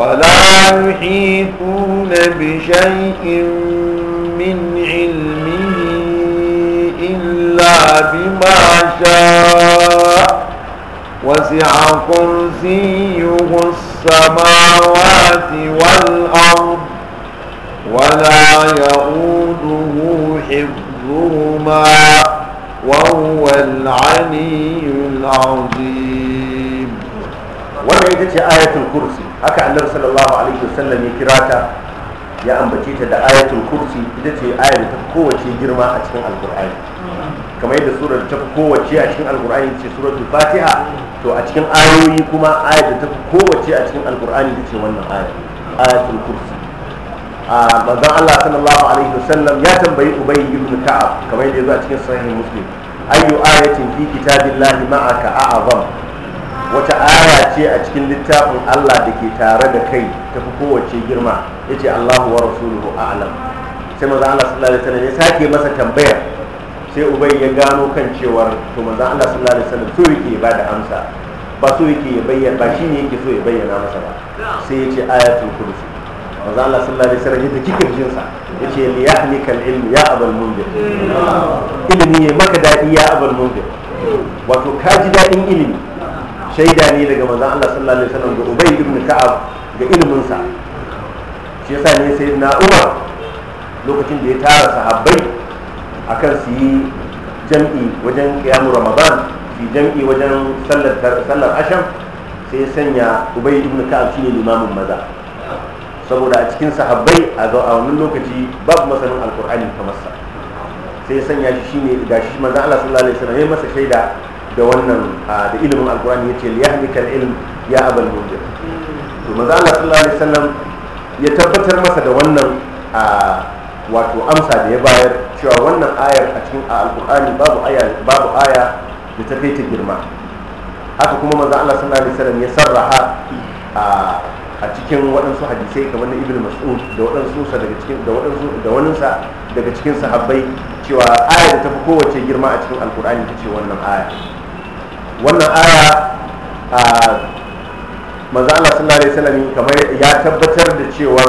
ولا يحيطون بشيء من علمه إلا بما شاء وسع كرسيه السماوات والأرض ولا يؤوده حفظهما وهو العلي العظيم wannan ita ce ayatul kursi haka annabi sallallahu alaihi wasallam ya kira ta ya ambace ta da ayatul kursi ita ce ayar ta kowace girma a cikin alkur'ani kamar yadda surar ta kowace a cikin alkur'ani ce suratul fatiha to a cikin ayoyi kuma ayar da ta kowace a cikin alkur'ani ita ce wannan ayar ayatul kursi a manzon Allah sallallahu alaihi wasallam ya tambayi ubay ibn ka'ab kamar yadda ya zo a cikin sahih muslim ayyu ayatin fi kitabillahi ma'aka a'azam wata aya ce a cikin littafin Allah da ke tare da kai tafi kowace girma ya ce Allahu wa rasuluhu a a'lam sai maza Allah sallallahu alaihi wasallam ya sake masa tambaya sai ubai ya gano kan cewar to maza Allah sallallahu alaihi wasallam so yake ba da amsa ba so yake ya bayyana ba shine yake so ya bayyana masa ba sai ya ce ayatul kursi maza Allah sallallahu alaihi wasallam ya kike jin sa yace li yahlikal ilmi ya abal mundir ilimi maka dadi ya abal mundir wato ka ji dadin ilimi shaida ne daga manzon Allah sallallahu alaihi wasallam ga Ubay ibn Ka'ab ga ilimin sa shi yasa ne sai na Umar lokacin da ya tara sahabbai akan su yi jam'i wajen qiyam Ramadan fi jam'i wajen sallar sallar asham sai sanya Ubay ibn Ka'ab shine limamin maza saboda a cikin sahabbai a ga wannan lokaci babu masanin alkur'ani kamar sa sai sanya shi shine gashi manzon Allah sallallahu alaihi wasallam ya masa shaida da wannan da ilimin alkurani ya ce liyahlikal ilm ya abal munjir to maza Allah sallallahu alaihi wasallam ya tabbatar masa da wannan wato amsa da ya bayar cewa wannan ayar a cikin alkurani babu aya babu aya da ta ta girma haka kuma maza Allah sallallahu alaihi wasallam ya sarraha a cikin waɗansu hadisai kamar na ibn mas'ud da waɗansu sa daga cikin da waɗansu da wani sa daga cikin sahabbai cewa aya da ta fi kowace girma a cikin alkur'ani ta ce wannan aya wannan aya a manzo Allah sallallahu alaihi kamar ya tabbatar da cewa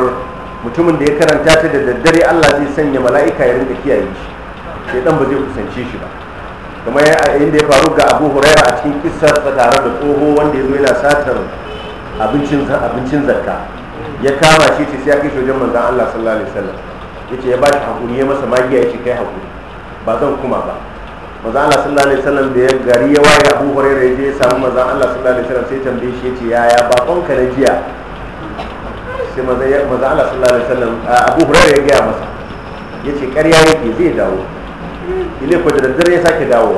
mutumin da ya karanta ta da daddare Allah zai sanya mala'ika ya rinka kiyaye shi sai dan ba zai kusance shi ba kamar inda ya faru ga Abu Huraira a cikin kissar tare da tsoho wanda ya zo yana satar abincin abincin zakka ya kama shi sai ya kai shi wajen manzo Allah sallallahu alaihi wasallam yace ya ba shi hakuri ya masa magiya ya ce kai hakuri ba zan kuma ba manzon Allah sallallahu alaihi wasallam da ya gari ya waye Abu Hurairah ya je ya samu manzon Allah sallallahu alaihi wasallam sai ya tambaye shi yace yaya bakon ka na jiya sai manzon Allah sallallahu alaihi wasallam Abu Hurairah ya gaya masa yace ƙarya yake zai dawo ile ko da daddare ya sake dawo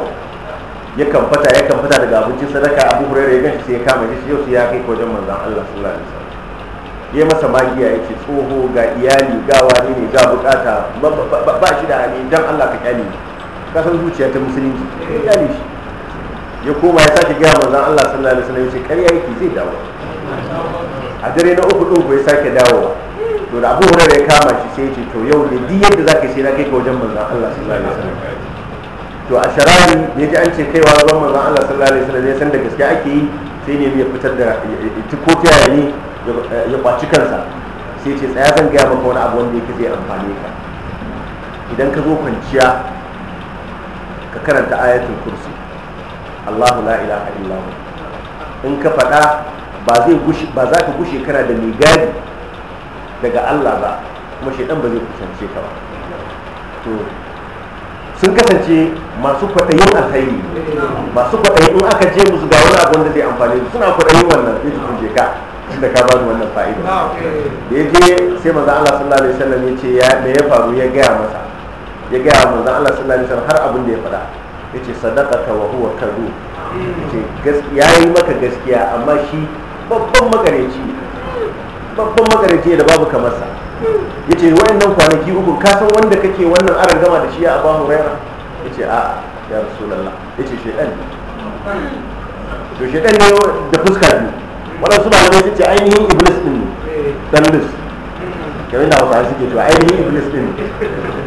ya kamfata ya kamfata daga abincin sadaka abu hurairu ya ganshi sai ya kama shi yau sai ya kai wajen manzan Allah sallallahu alaihi wasallam ya masa magiya ya ce tsoho ga iyali ga wani ne ga bukata ba shi da hali dan Allah ka kyale kasan zuciya ta musulunci ya kyale shi ya koma ya sake gaya manzon Allah sallallahu alaihi wasallam ya ce karya yake zai dawo a dare na uku din ya sake dawowa to da abu hurairar ya kama shi sai ce to yau ne duk yadda ka sai na kai ka wajen manzon Allah sallallahu alaihi wasallam to a sharari ya ji an ce kaiwa wajen manzon Allah sallallahu alaihi wasallam ya san da gaske ake yi sai ne ya fitar da ko ta yayi ya kwaci kansa sai ce tsaya zan gaya maka wani abu wanda yake zai amfane ka idan ka zo kwanciya ka karanta ayatul kursi Allahu la ilaha hu in ka faɗa ba zai gushi ba za ka gushe kana da migadi daga Allah ba kuma shaidan ba zai kusance ka ba to sun kasance masu kwaɗayin alkhairi masu kwaɗayi in aka je musu ga wani abu da zai amfani su suna kwaɗayin wannan zai kun je ka da ka ba wannan fa'ida ah, da ya je sai maza Allah sallallahu alaihi wasallam ya ce ya me ya faru ya gaya masa ya gaya wa manzon Allah sallallahu alaihi wasallam har abin da ya faɗa yace sadaqaka wa huwa kadu yace gaskiya yayi maka gaskiya amma shi babban magareci babban magareci da babu kamar sa yace wayannan kwanaki uku ka san wanda kake wannan aran gama da shi ya Abu raira yace a ya rasulullah yace shedan to shedan ne da fuska biyu wadansu malamai sun ce ainihin iblis din ne dan shawin da hausawa suke to ainihin iblis din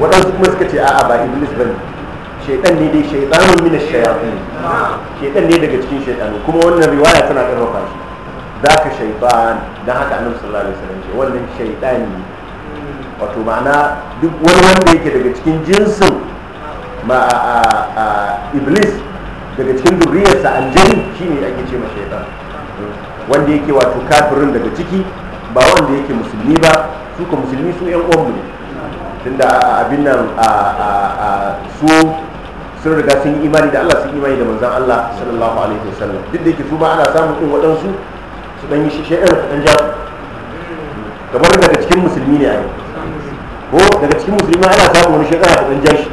waɗansu kuma suka ce a'a ba iblis ba ne shaidan ne dai shaidanun mina shayafi shaidan ne daga cikin shaidanu kuma wannan riwaya tana karfafa shi za ka shaidan don haka annabi sallallahu alaihi wasallam ce wannan shaitan ne wato ma'ana duk wani wanda yake daga cikin jinsin ma iblis daga cikin duriyarsa aljani shine ake ce ma shaidan wanda yake wato kafirin daga ciki ba wanda yake musulmi ba su ko musulmi su yan uwanmu ne tunda abin nan a su sun riga sun yi imani da Allah sun yi imani da manzon Allah sallallahu alaihi wasallam duk da yake su ba ana samun din waɗansu su dan yi shi'ar dan ja kamar daga cikin musulmi ne ai ko daga cikin musulmi ana samun wani shi'ar dan ja shi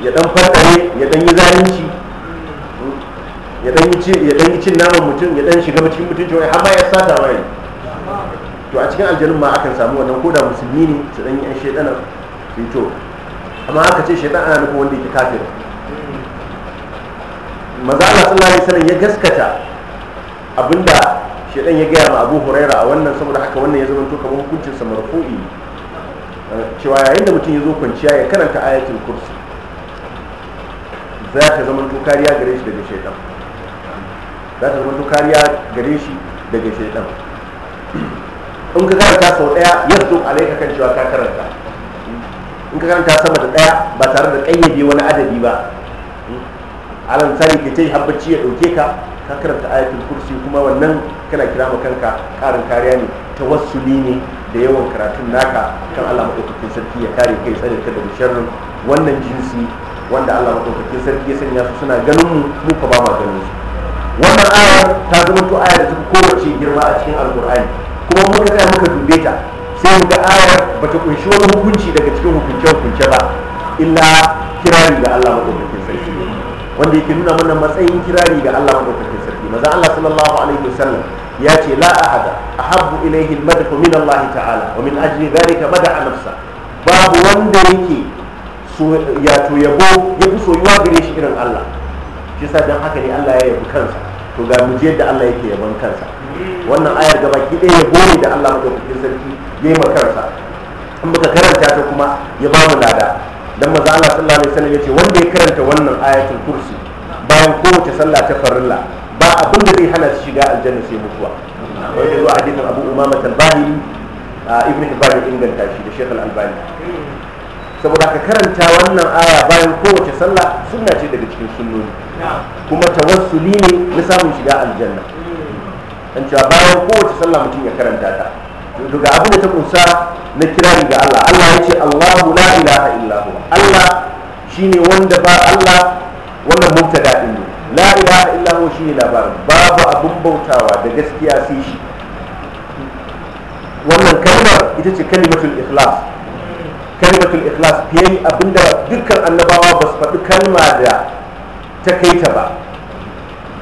ya dan farkare ya dan yi zalunci ya dan yi cin naman mutum ya dan shiga cikin mutum wai har ma ya sata wai to a cikin aljanun ma akan samu wannan koda musulmi ne su dan yi yan shaidana su to amma aka ce shaidan ana nufin wanda yake kafir maza Allah sallallahu alaihi wasallam ya gaskata abinda shaidan ya gaya ma Abu Huraira a wannan saboda haka wannan ya zama to kamar hukuncin sa marfu'i eh, cewa yayin da mutum ya zo kwanciya ya karanta ayatul kursi za ta zama to kariya gare shi daga shaidan za ta zama to kariya gare shi daga shaidan in ka karanta sau daya yadda alaika kan cewa ka karanta in ka karanta sama da daya ba tare da kayyade wani adadi ba alal sani ka ce habbaci ya dauke ka ka karanta ayatul kursi kuma wannan kana kira ma kanka karin kariya ne tawassuli ne da yawan karatun naka kan Allah madaukakin sarki ya kare kai tsare ka daga sharrin wannan jinsi wanda Allah madaukakin sarki ya sanya su suna ganin mu mu ka ba ma ganin su wannan ayar ta zama to ayar da ta kowace girma a cikin alkur'ani kuma muka tsaya muka dube ta sai muka ayar ba ta kunshi wani hukunci daga cikin hukunce-hukunce ba illa kirari ga Allah maɗaukakin sarki wanda yake nuna mana matsayin kirari ga Allah maɗaukakin sarki maza Allah sallallahu alaihi wasallam ya ce la ahada ahabbu ilaihi almadhu min Allah ta'ala wa min ajli dhalika mada'a nafsa babu wanda yake ya to yabo ya fi soyuwa gare shi irin Allah shi sa dan haka ne Allah ya yabi kansa to ga mu yadda Allah yake yaban kansa wannan ayar gaba ki ya gode da Allah madaukakin sarki ya yi makarsa in baka karanta ta kuma ya ba mu lada dan maza Allah sallallahu alaihi wasallam yace wanda ya karanta wannan ayatul kursi bayan kowace sallah ta farilla ba abin da zai hana shi shiga aljanna sai mutuwa da zuwa hadisin Abu Umama al-Bahili Ibn Hibban inganta shi da Sheikh al-Albani saboda ka karanta wannan aya bayan kowace sallah sunna ce daga cikin sunnoni kuma tawassuli ne na samun shiga aljanna an cewa bayan kowace sallah mutum ya karanta ta daga abin da ta kunsa na kirari ga Allah Allah ya ce Allahu la ilaha illa huwa Allah shine wanda ba Allah wannan mubtada din ne la ilaha illa huwa shine labarin babu abin bautawa da gaskiya sai shi wannan kalmar ita ce kalimatul ikhlas kalimatul ikhlas fiye abinda dukkan annabawa ba su faɗi kalma da ta kai ta ba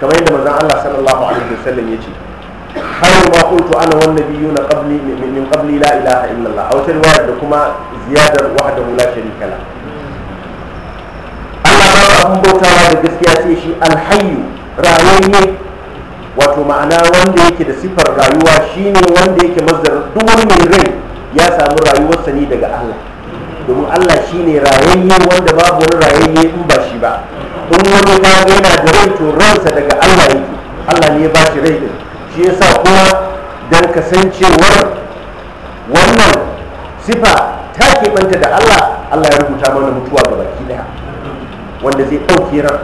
kamar yadda manzon Allah sallallahu alaihi wasallam ya ce khairu ma ana biyu na qabli min qabli la ilaha illa Allah a wata riwaya da kuma ziyadar wahda la sharika la Allah ba abun bautawa da gaskiya sai shi alhayyu rayayye wato ma'ana wanda yake da sifar rayuwa shine wanda yake mazdar duk wani mai rai ya samu rayuwarsa ne daga Allah domin Allah shine rayayye wanda babu wani rayayye in ba shi ba in wani ka yana da rai to ransa daga Allah yake Allah ne ya ba shi rai din shi yasa kuma dan kasancewar wannan sifa ta banta da Allah Allah ya rubuta mana mutuwa ga baki daya wanda zai ɗauki ran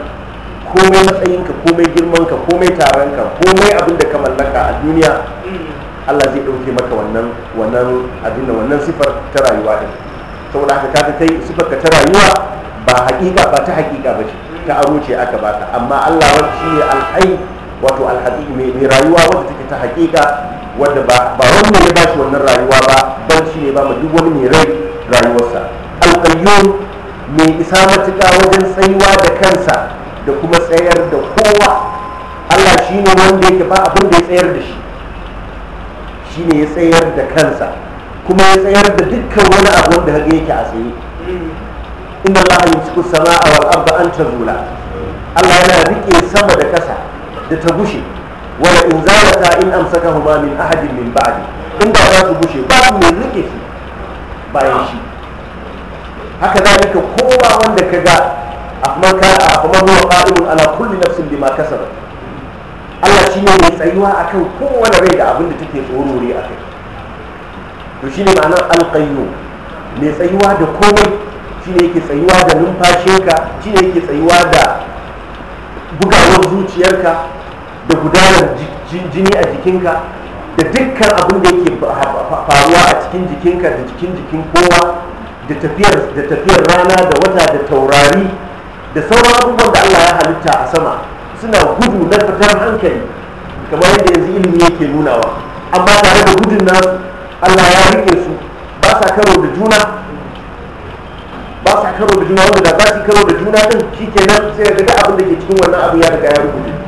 komai matsayinka komai girmanka komai taronka komai abin da ka mallaka a duniya Allah zai ɗauke maka wannan wannan abin wannan sifar ta rayuwa din saboda haka ka kai sifar ka ta rayuwa ba hakika ba ta hakika ba ce ta aro ce aka baka amma Allah shi ne alhai wato alhaƙiƙi mai rayuwa wadda take ta haƙiƙa wadda ba wannan ya shi wannan rayuwa ba banci ne ba ma duk wani mai rai rayuwarsa alƙayyun mai isa matuƙa wajen tsayuwa da kansa da kuma tsayar da kowa allah shi ne wanda yake ba abin da ya tsayar da shi shi ne ya tsayar da kansa kuma ya tsayar da dukkan wani abu wanda haka yake a tsaye inna allaha yumsiku sama'a wal arda an tazula allah yana rike sama da ƙasa da ta gushe wala in zalata in amsakahuma min ahadin min ba'adi in ba za su gushe ba mu rike su bayan shi haka za zalika kowa wanda ka ga a kuma ka kuma huwa qa'imun ala kulli nafsin bima kasaba Allah shi ne mai tsayuwa akan kowane rai da abin da take tsorori a kai to shine ma'anar alqayyum mai tsayuwa da komai shine yake tsayuwa da numfashinka shine yake tsayuwa da bugawar zuciyarka da gudanar jini a jikinka da dukkan abin da yake faruwa a cikin jikinka da jikin jikin kowa da tafiyar rana da wata da taurari da sauran abubuwan da allah ya halitta a sama suna gudu na fitar hankali kamar yadda yanzu ilimi yake nunawa amma tare da gudun nan allah ya rike su ba sa karo da juna ba sa karo da juna wanda da ba su karo da juna din shikenan sai ga abin da ke cikin wannan abu ya riga ya rubuta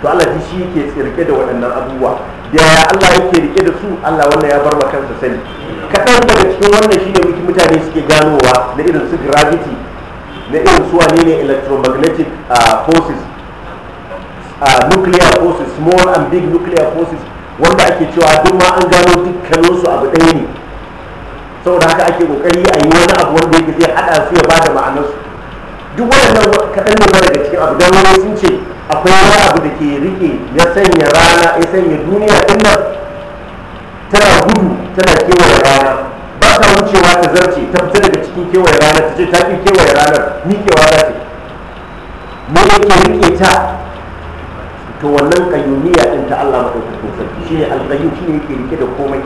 to Allah shi ke tsirke da waɗannan abubuwa da ya Allah yake rike da su Allah wannan ya bar ma kansa sani kaɗan daga cikin wannan shi ne mutane suke ganowa na irin su gravity na irin su wane ne electromagnetic ah, forces ah, nuclear forces small and big nuclear forces wanda ake cewa duk ma an gano dukkaninsu abu ɗaya ne saboda haka ake kokari a yi wani abu wanda yake zai haɗa su ya ba da ma'anarsu duk waɗannan kaɗan ne daga cikin abu don wani sun ce akwai wani abu da ke rike ya sanya rana ya sanya duniya ɗin nan tana gudu tana kewaye rana ba ta wucewa ta zarce ta fita daga cikin kewaye rana ta ce ta fi kewaye ranar miƙewa za ta mu ke rike ta to wannan kayyumiya ɗin ta Allah maɗaukakin sarki shi ne alƙayyum shi ne yake rike da komai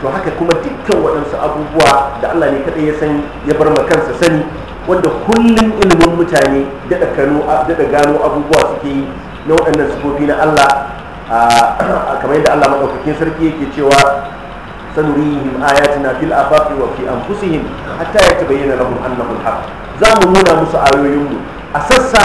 to haka kuma dukkan waɗansu abubuwa da Allah ne kaɗai ya san ya bar ma kansa sani wanda kullum ilimin mutane daɗa gano abubuwa suke yi na waɗannan sufofi na Allah kamar yadda Allah maɗaukakin sarki yake cewa sanurihim ayatina fil afaqi wa fi anfusihim hatta yatabayyana lahum annahu al-haq za mu nuna musu ayoyin mu a sassa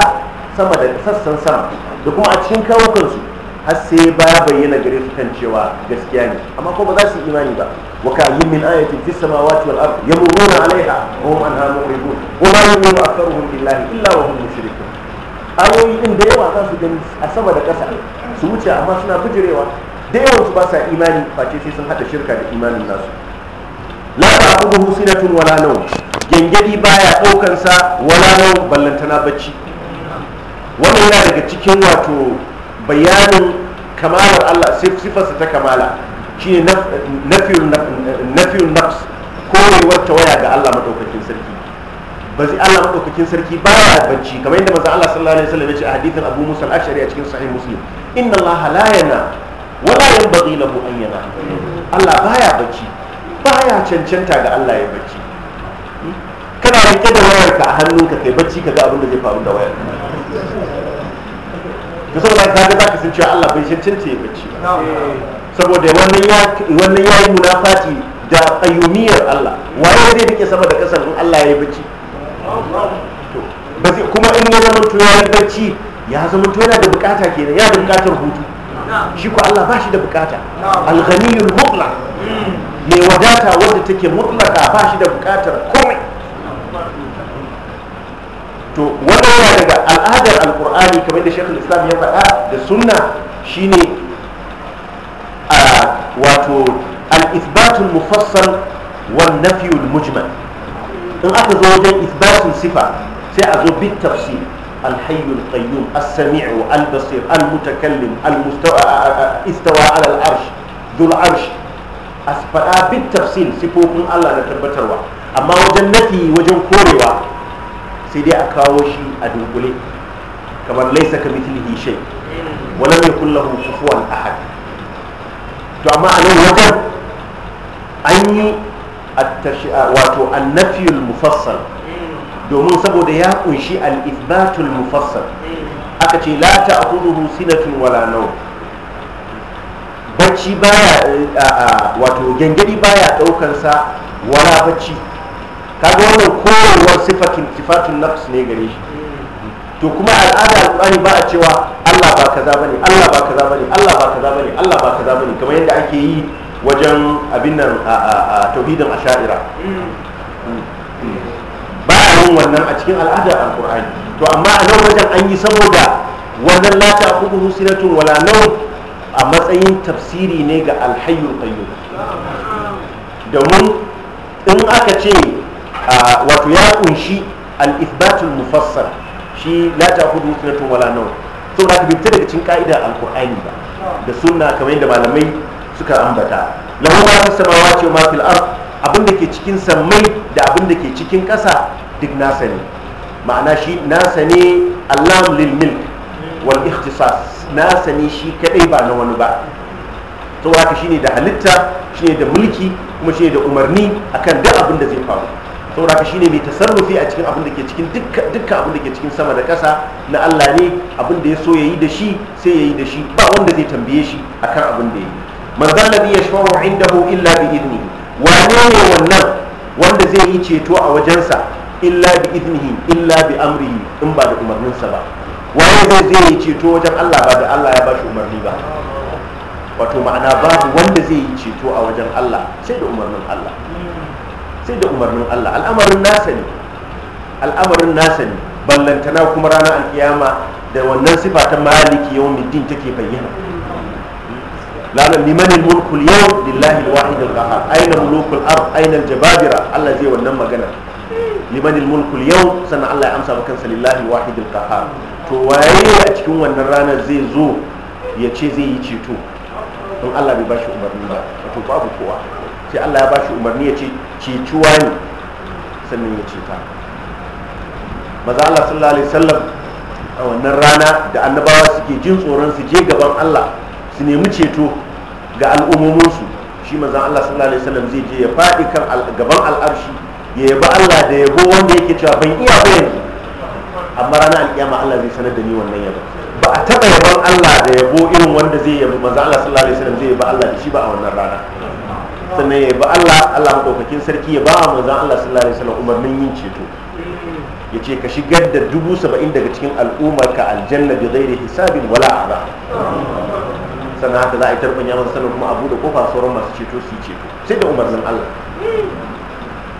sama da sassan sama da kuma a cikin kawukansu har sai ba bayyana gare su kan cewa gaskiya ne amma ko ba za su imani ba wa ka yi min ayati fi samawati wal ard yamuruna alaiha wa hum anha muridun wa ma yu'minu aktharuhum billahi illa wa hum mushrikun ayoyi din da yawa za su gani a sama da ƙasa su wuce amma suna bijirewa da yawan su ba sa imani face sai sun hada shirka da imanin nasu la ta'budu sinatun wala nawm gengedi baya daukan sa wala nawm ballantana bacci wannan yana daga cikin wato bayanin kamalar Allah sifarsa ta kamala shine nafiyun nafs korewar tawaya ga Allah madaukakin sarki ba zai Allah madaukakin sarki ba ya bacci kamar yadda manzon Allah sallallahu alaihi wasallam ya ce a hadithin Abu Musa al-Ash'ari a cikin sahih Muslim inna Allah la yana wala yanbaghi lahu an yana Allah baya bacci baya cancanta ga Allah ya bacci hmm? kana rike da wayarka a hannunka kai bacci ga abin da zai faru da wayarka da saboda ka ga zaka san cewa Allah bai cince ya bacci saboda wannan ya wannan yi munafati da ayyumiyar Allah waye zai rike sama da kasar in Allah ya yi bacci to kuma in ya zama to ya bacci ya zama to yana da bukata kenan ya da bukatar hutu shi ko Allah ba shi da bukata al-ghaniyul mutlaq hmm. mai wadata wadda take mutlaka ba shi da bukatar komai to al'adar alkur'ani kamar da shekul islam ya faɗa da sunna shine a wato al'ithbatun mufassal wal nafiyul mujmal in aka zo wajen isbatun sifa sai a zo bit tafsi alhayyul qayyum as-sami'u al-basir al-mutakallim al-mustawa istawa ala al-arsh dhul arsh asfa'a bit sifofin Allah na tabbatarwa amma wajen nafi wajen korewa sai dai a kawo shi a dunkule kamar laisa ka mitilihi shay walam yakul lahu kufuwan ahad to amma a nan wajen an yi wato annafiyul mufassal domin saboda ya kunshi al-ithbatul mufassal aka ce la ta'khudhuhu sinatun wala nawm bacci baya wato gangadi baya ɗaukan sa wala bacci kaga wannan korowar sifatun sifatun nafs ne gare shi to kuma al'ada alƙur'ani ba a cewa Allah ba kaza bane Allah ba kaza bane Allah ba kaza bane Allah ba kaza bane kamar yadda ake yi wajen abin nan a tauhidin asha'ira ba a yin wannan a cikin al'ada alƙur'ani to amma a nan wajen an yi saboda wannan lata kudu sinatun wala nau a matsayin tafsiri ne ga alhayyul qayyum domin in aka ce wato ya kunshi al-ithbatul mufassal shi la ta kudu sunatun wala nawa saboda haka fita daga cikin ka'idar alkur'ani ba da sunna kamar yadda malamai suka ambata lahu ma fi samawati wa ma fil ard abin da ke cikin sammai da abin da ke cikin ƙasa duk nasa ne ma'ana shi nasa ne allam lil milk wal ikhtisas nasa ne shi kadai ba na wani ba to haka shine da halitta shine da mulki kuma shine da umarni akan duk abin da zai faru saboda haka shine mai tasarrufi a cikin abin da ke cikin dukkan abin da ke cikin sama da ƙasa na Allah ne abin da ya so yayi da shi sai yayi da shi ba wanda zai tambaye shi akan abin da yayi man zalladhi yashfa'u indahu illa bi idni wane ne wannan wanda zai yi ceto a wajensa illa bi idnihi illa bi amrihi in ba da umarninsa ba waye zai zai yi ceto wajen Allah ba da Allah ya bashi umarni ba wato ma'ana babu wanda zai yi ceto a wajen Allah sai da umarnin Allah sai da umarnin Allah al'amarin nasa ne al'amarin nasa ne ballantana kuma ranar alkiyama da wannan sifa ta maliki yawmiddin take bayyana lanar limanin mulkul yau lillahi wahid al aina mulukul ard aina jababira Allah zai wannan magana limanin mulkul yau sannan Allah ya amsa maka kansa lillahi wahid to waye a cikin wannan ranar zai zo ya ce zai yi ceto in Allah bai bashi umarni ba to babu kowa sai Allah ya bashi umarni ya ce cicuwa ne sannan ya ceta maza Allah sallallahu alaihi wasallam a wannan rana da annabawa suke jin tsoron su je gaban Allah su nemi ceto ga al'ummominsu shi maza Allah sallallahu alaihi wasallam zai je ya faɗi kan gaban al'arshi ya yaba Allah da yabo wanda yake cewa ban iya bayan amma ranar alƙiyama Allah zai sanar da ni wannan yabo ba a taɓa yabon Allah da yabo irin wanda zai yaba maza Allah sallallahu alaihi wasallam zai yaba Allah da shi ba a wannan rana sannan ya ba Allah Allah maɗaukakin sarki ya ba wa manzan Allah sallallahu alaihi wasallam umarnin yin ceto ya ce ka shigar da dubu saba'in daga cikin al'ummar ka aljanna bi da hisabin wala ba sannan haka za a yi ya yaman sannan kuma abu da kofa sauran masu ceto su yi ceto sai da umarnin Allah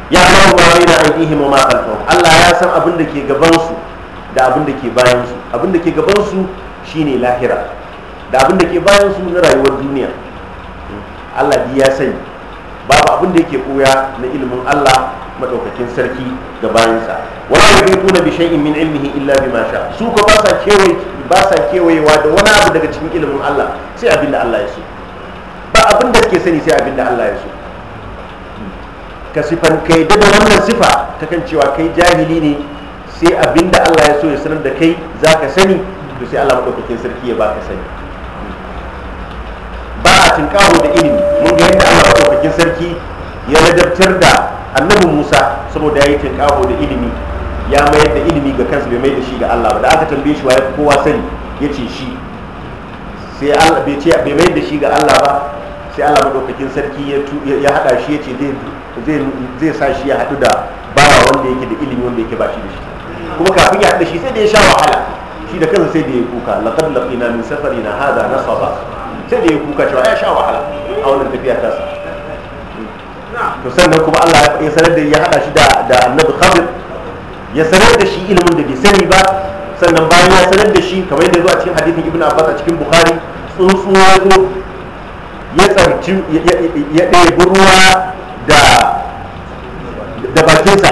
ya kawo ma bai da ainihin ma alfahum Allah ya san abin da ke gabansu da abin da ke bayansu abin da ke gabansu shine lahira da abin da ke bayansu na rayuwar duniya Allah ya sani babu abin da yake koya na ilimin Allah madaukakin sarki ga bayansa wala na bi shay'in min ilmihi illa bima sha su ko ba kewaye ba kewayewa da wani abu daga cikin ilimin Allah sai abin da Allah ya so ba abin da suke sani sai abin da Allah ya so ka sifan kai da wannan sifa ta kan cewa kai jahili ne sai abin da Allah ya so ya sanar da kai zaka sani to sai Allah madaukakin sarki ya baka sani ana da ilimi mun ga yadda Allah madaukakin sarki ya ladabtar da annabi Musa saboda ya yi tinkaho da ilimi ya mayar da ilimi ga kansa bai mai da shi ga Allah ba da aka tambaye shi waye kowa sani yace shi sai Allah bai ce bai mai da shi ga Allah ba sai Allah madaukakin sarki ya hada shi yace zai zai sa shi ya hadu da bawa wanda yake da ilimi wanda yake ba shi da shi kuma kafin ya hada shi sai da ya sha wahala shi da kansa sai da ya kuka laqad laqina min safarina hadha nasaba sai da ya kuka cewa ya sha wahala a wannan tafiya ta sa to sannan kuma Allah ya sanar da ya hada shi da annabi Khadir ya sanar da shi ilimin da bai sani ba sannan bayan ya sanar da shi kamar yadda zo a cikin hadisin Ibn Abbas a cikin Bukhari tsuntsu ya zo ya tsarci ya ɗebi ruwa da da bakinsa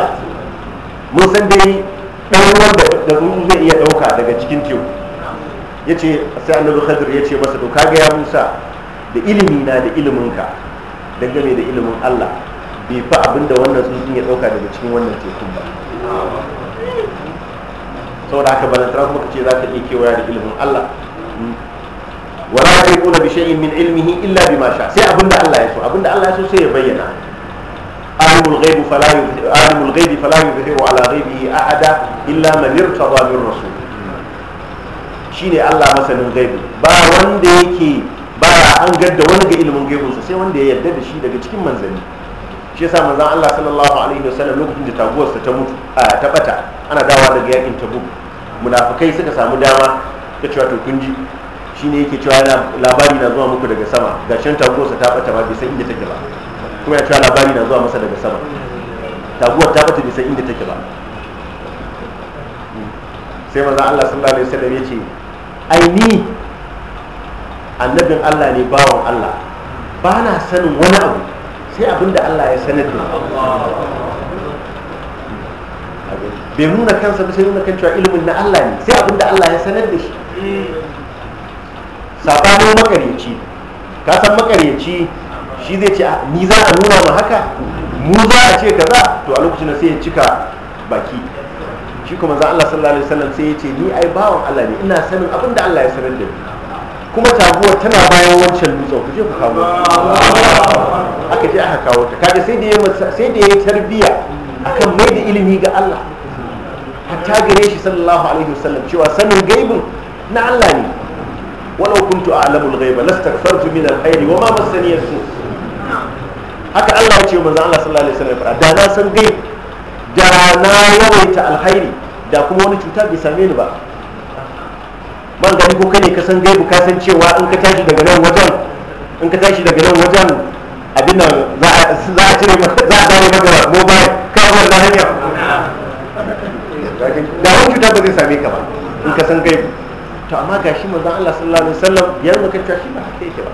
mun san dai ɗan ruwan da tsuntsu zai iya ɗauka daga cikin teku ya ce sai annabi khadir ya ce masa to kaga ya musa da ilimi na da ilimin ka dangane da ilimin allah bai fi abin da wannan tsuntsun ya ɗauka daga cikin wannan tekun ba saboda haka balantara kuma ce za ka iya kewaya da ilimin allah wala ya yi kuna bishayin min ilmihi illa bi ma sha sai abinda allah ya so abin allah ya so sai ya bayyana alimul ghaibi fala yuzhiru ala ghaibihi ahada illa man irtada min rasul shine Allah masanin gaibi ba wanda yake ba an gadda wani ga ilimin gaibinsa sai wanda ya yarda da shi daga cikin manzanni shi yasa manzon Allah sallallahu alaihi wasallam lokacin da taguwarsa ta mutu ta bata ana dawa daga yakin tabuk munafikai suka samu dama ta cewa to kun ji shine yake cewa labari na zuwa muku daga sama gashin taguwarsa ta bata ba bai san inda take ba kuma ya cewa labari na zuwa masa daga sama taguwar ta bata bai san inda take ba hmm. sai manzon Allah sallallahu alaihi wasallam ya ce aini annabin Allah ne bawan Allah ba na sanin wani abu sai abin da Allah ya sanar da bai nuna kansa ba sai nuna kan cewa ilimin na Allah ne sai abin da Allah ya sanar da shi sabanin makareci ka san makareci shi zai ce ni za a nuna ma haka mu za a ce kaza to a lokacin sai ya cika baki shi kuma zan Allah sallallahu alaihi wasallam sai ya ce ni ai bawan Allah ne ina sanin abin da Allah ya sanar da ni kuma taguwar tana bayan wancan dutsen ku je ku kawo aka je aka kawo ta kaga sai da ya sai da ya tarbiya akan mai da ilimi ga Allah hatta gare shi sallallahu alaihi wasallam cewa sanin gaibin na Allah ne walau kuntu a'lamu al-ghaiba lastaghfartu min al-khair wa ma massani as-su haka Allah ya ce manzo Allah sallallahu alaihi wasallam da na san gaib da na yawaita alkhairi da kuma wani cuta bai same ni ba man gani ko kane ka san gaibu ka san cewa in ka tashi daga nan wajen in ka tashi daga nan wajen abin nan za a cire za a dawo maka mobile kawai na hanya da wani cuta ba zai same ka ba in ka san gaibu to amma ga shi manzon Allah sallallahu alaihi wasallam yar maka shi ba haka yake ba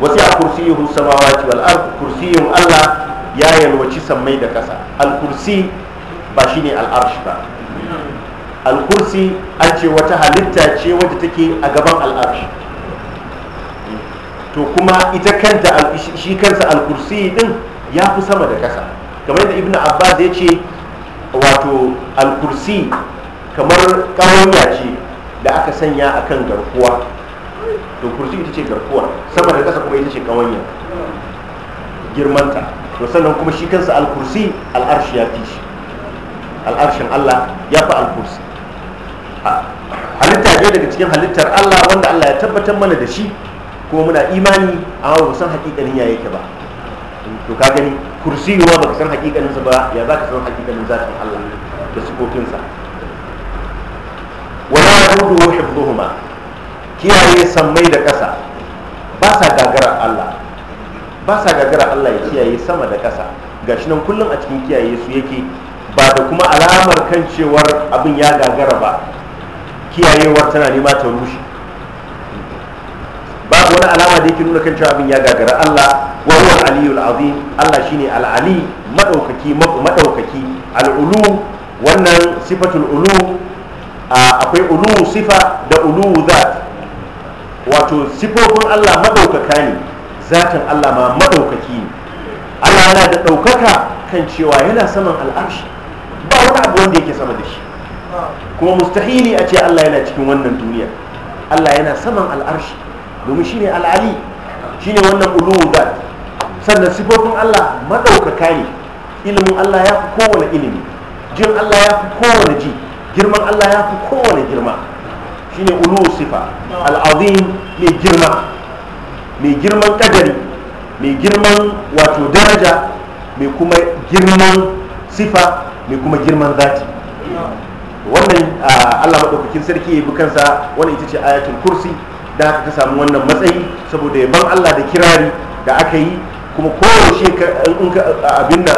wasi a kursiyuhu samawati wal ard kursiyun Allah ya yalwaci sammai da ƙasa al-kursi ba shine al'arshi ba alkursi an ce wata halitta ce wadda take a gaban al'arshi to kuma ita kanta shi kansa alkursi din ya fi sama da ƙasa kamar yadda ibn abbas ya ce wato alkursi kamar ƙawanya ce da aka sanya a kan garkuwa to kursi ita ce garkuwa sama da ƙasa kuma ita ce ƙawanya girmanta sannan kuma shi kansa al-kursi al-arshi ya fi shi al-arshin Allah ya fi al-kursi halitta ne daga cikin halittar Allah wanda Allah ya tabbatar mana da shi kuma muna imani amma ba san hakikanin ya yake ba to ka gani kursi ma baka san hakikanin sa ba ya zaka san hakikanin zatin Allah da sifofin sa wala yahudu hifdhuhuma kiyaye sammai da ƙasa ba sa gagarar Allah ba sa gagara Allah ya kiyaye sama da ƙasa gashi nan kullum a cikin kiyaye su yake ba da kuma alamar kan cewar abin ya gagara ba kiyayewar tana nema ta rushe babu wani alama da yake nuna kan cewa abin ya gagara Allah wa huwa aliyul azim Allah shine al-ali madaukaki madaukaki al wannan sifatul ulu akwai ulu sifa da ulu zat wato sifofin Allah madaukaka ne zatin Allah ma madaukaki ne Allah yana da ɗaukaka kan cewa yana saman al'arshi ba wani abu wanda yake sama da shi kuma mustahili a ce Allah yana cikin wannan duniya Allah yana saman al'arshi domin shi ne al'ali shi ne wannan uluwu da. sannan sifofin Allah maɗaukaka ne ilimin Allah ya fi kowane ilimi jin Allah ya fi kowane ji girman Allah ya fi kowane girma shi ne uluwu sifa al'azim mai girma mai girman kadari mai girman wato daraja mai kuma girman sifa mai kuma girman zati wannan allah maɗaukakin sarki ya bi kansa wani ita ce ayatul kursi da aka samu wannan matsayi saboda yaban allah da kirari da aka yi kuma kowace abin da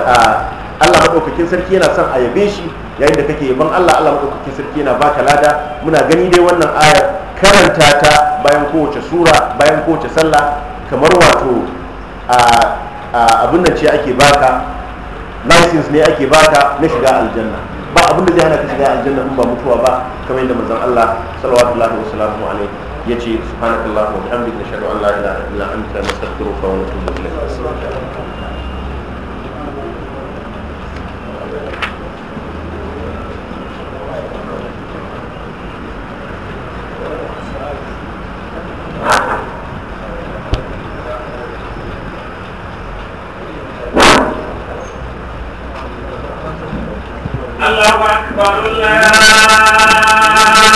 allah maɗaukakin sarki yana son a yabe shi yayin da kake yaban allah allah maɗaukakin sarki yana baka lada muna gani dai wannan aya karanta ta bayan kowace sura bayan kowace sallah kamar wato abin da ce ake baka license ne ake baka na shiga aljanna ba abin da zai hana ka shiga aljanna in ba mutuwa ba kamar yadda manzon Allah sallallahu alaihi wasallam yace subhanakallah wa bihamdika nashhadu an la ilaha illa anta nastaghfiruka wa natubu ilayk أكبر الله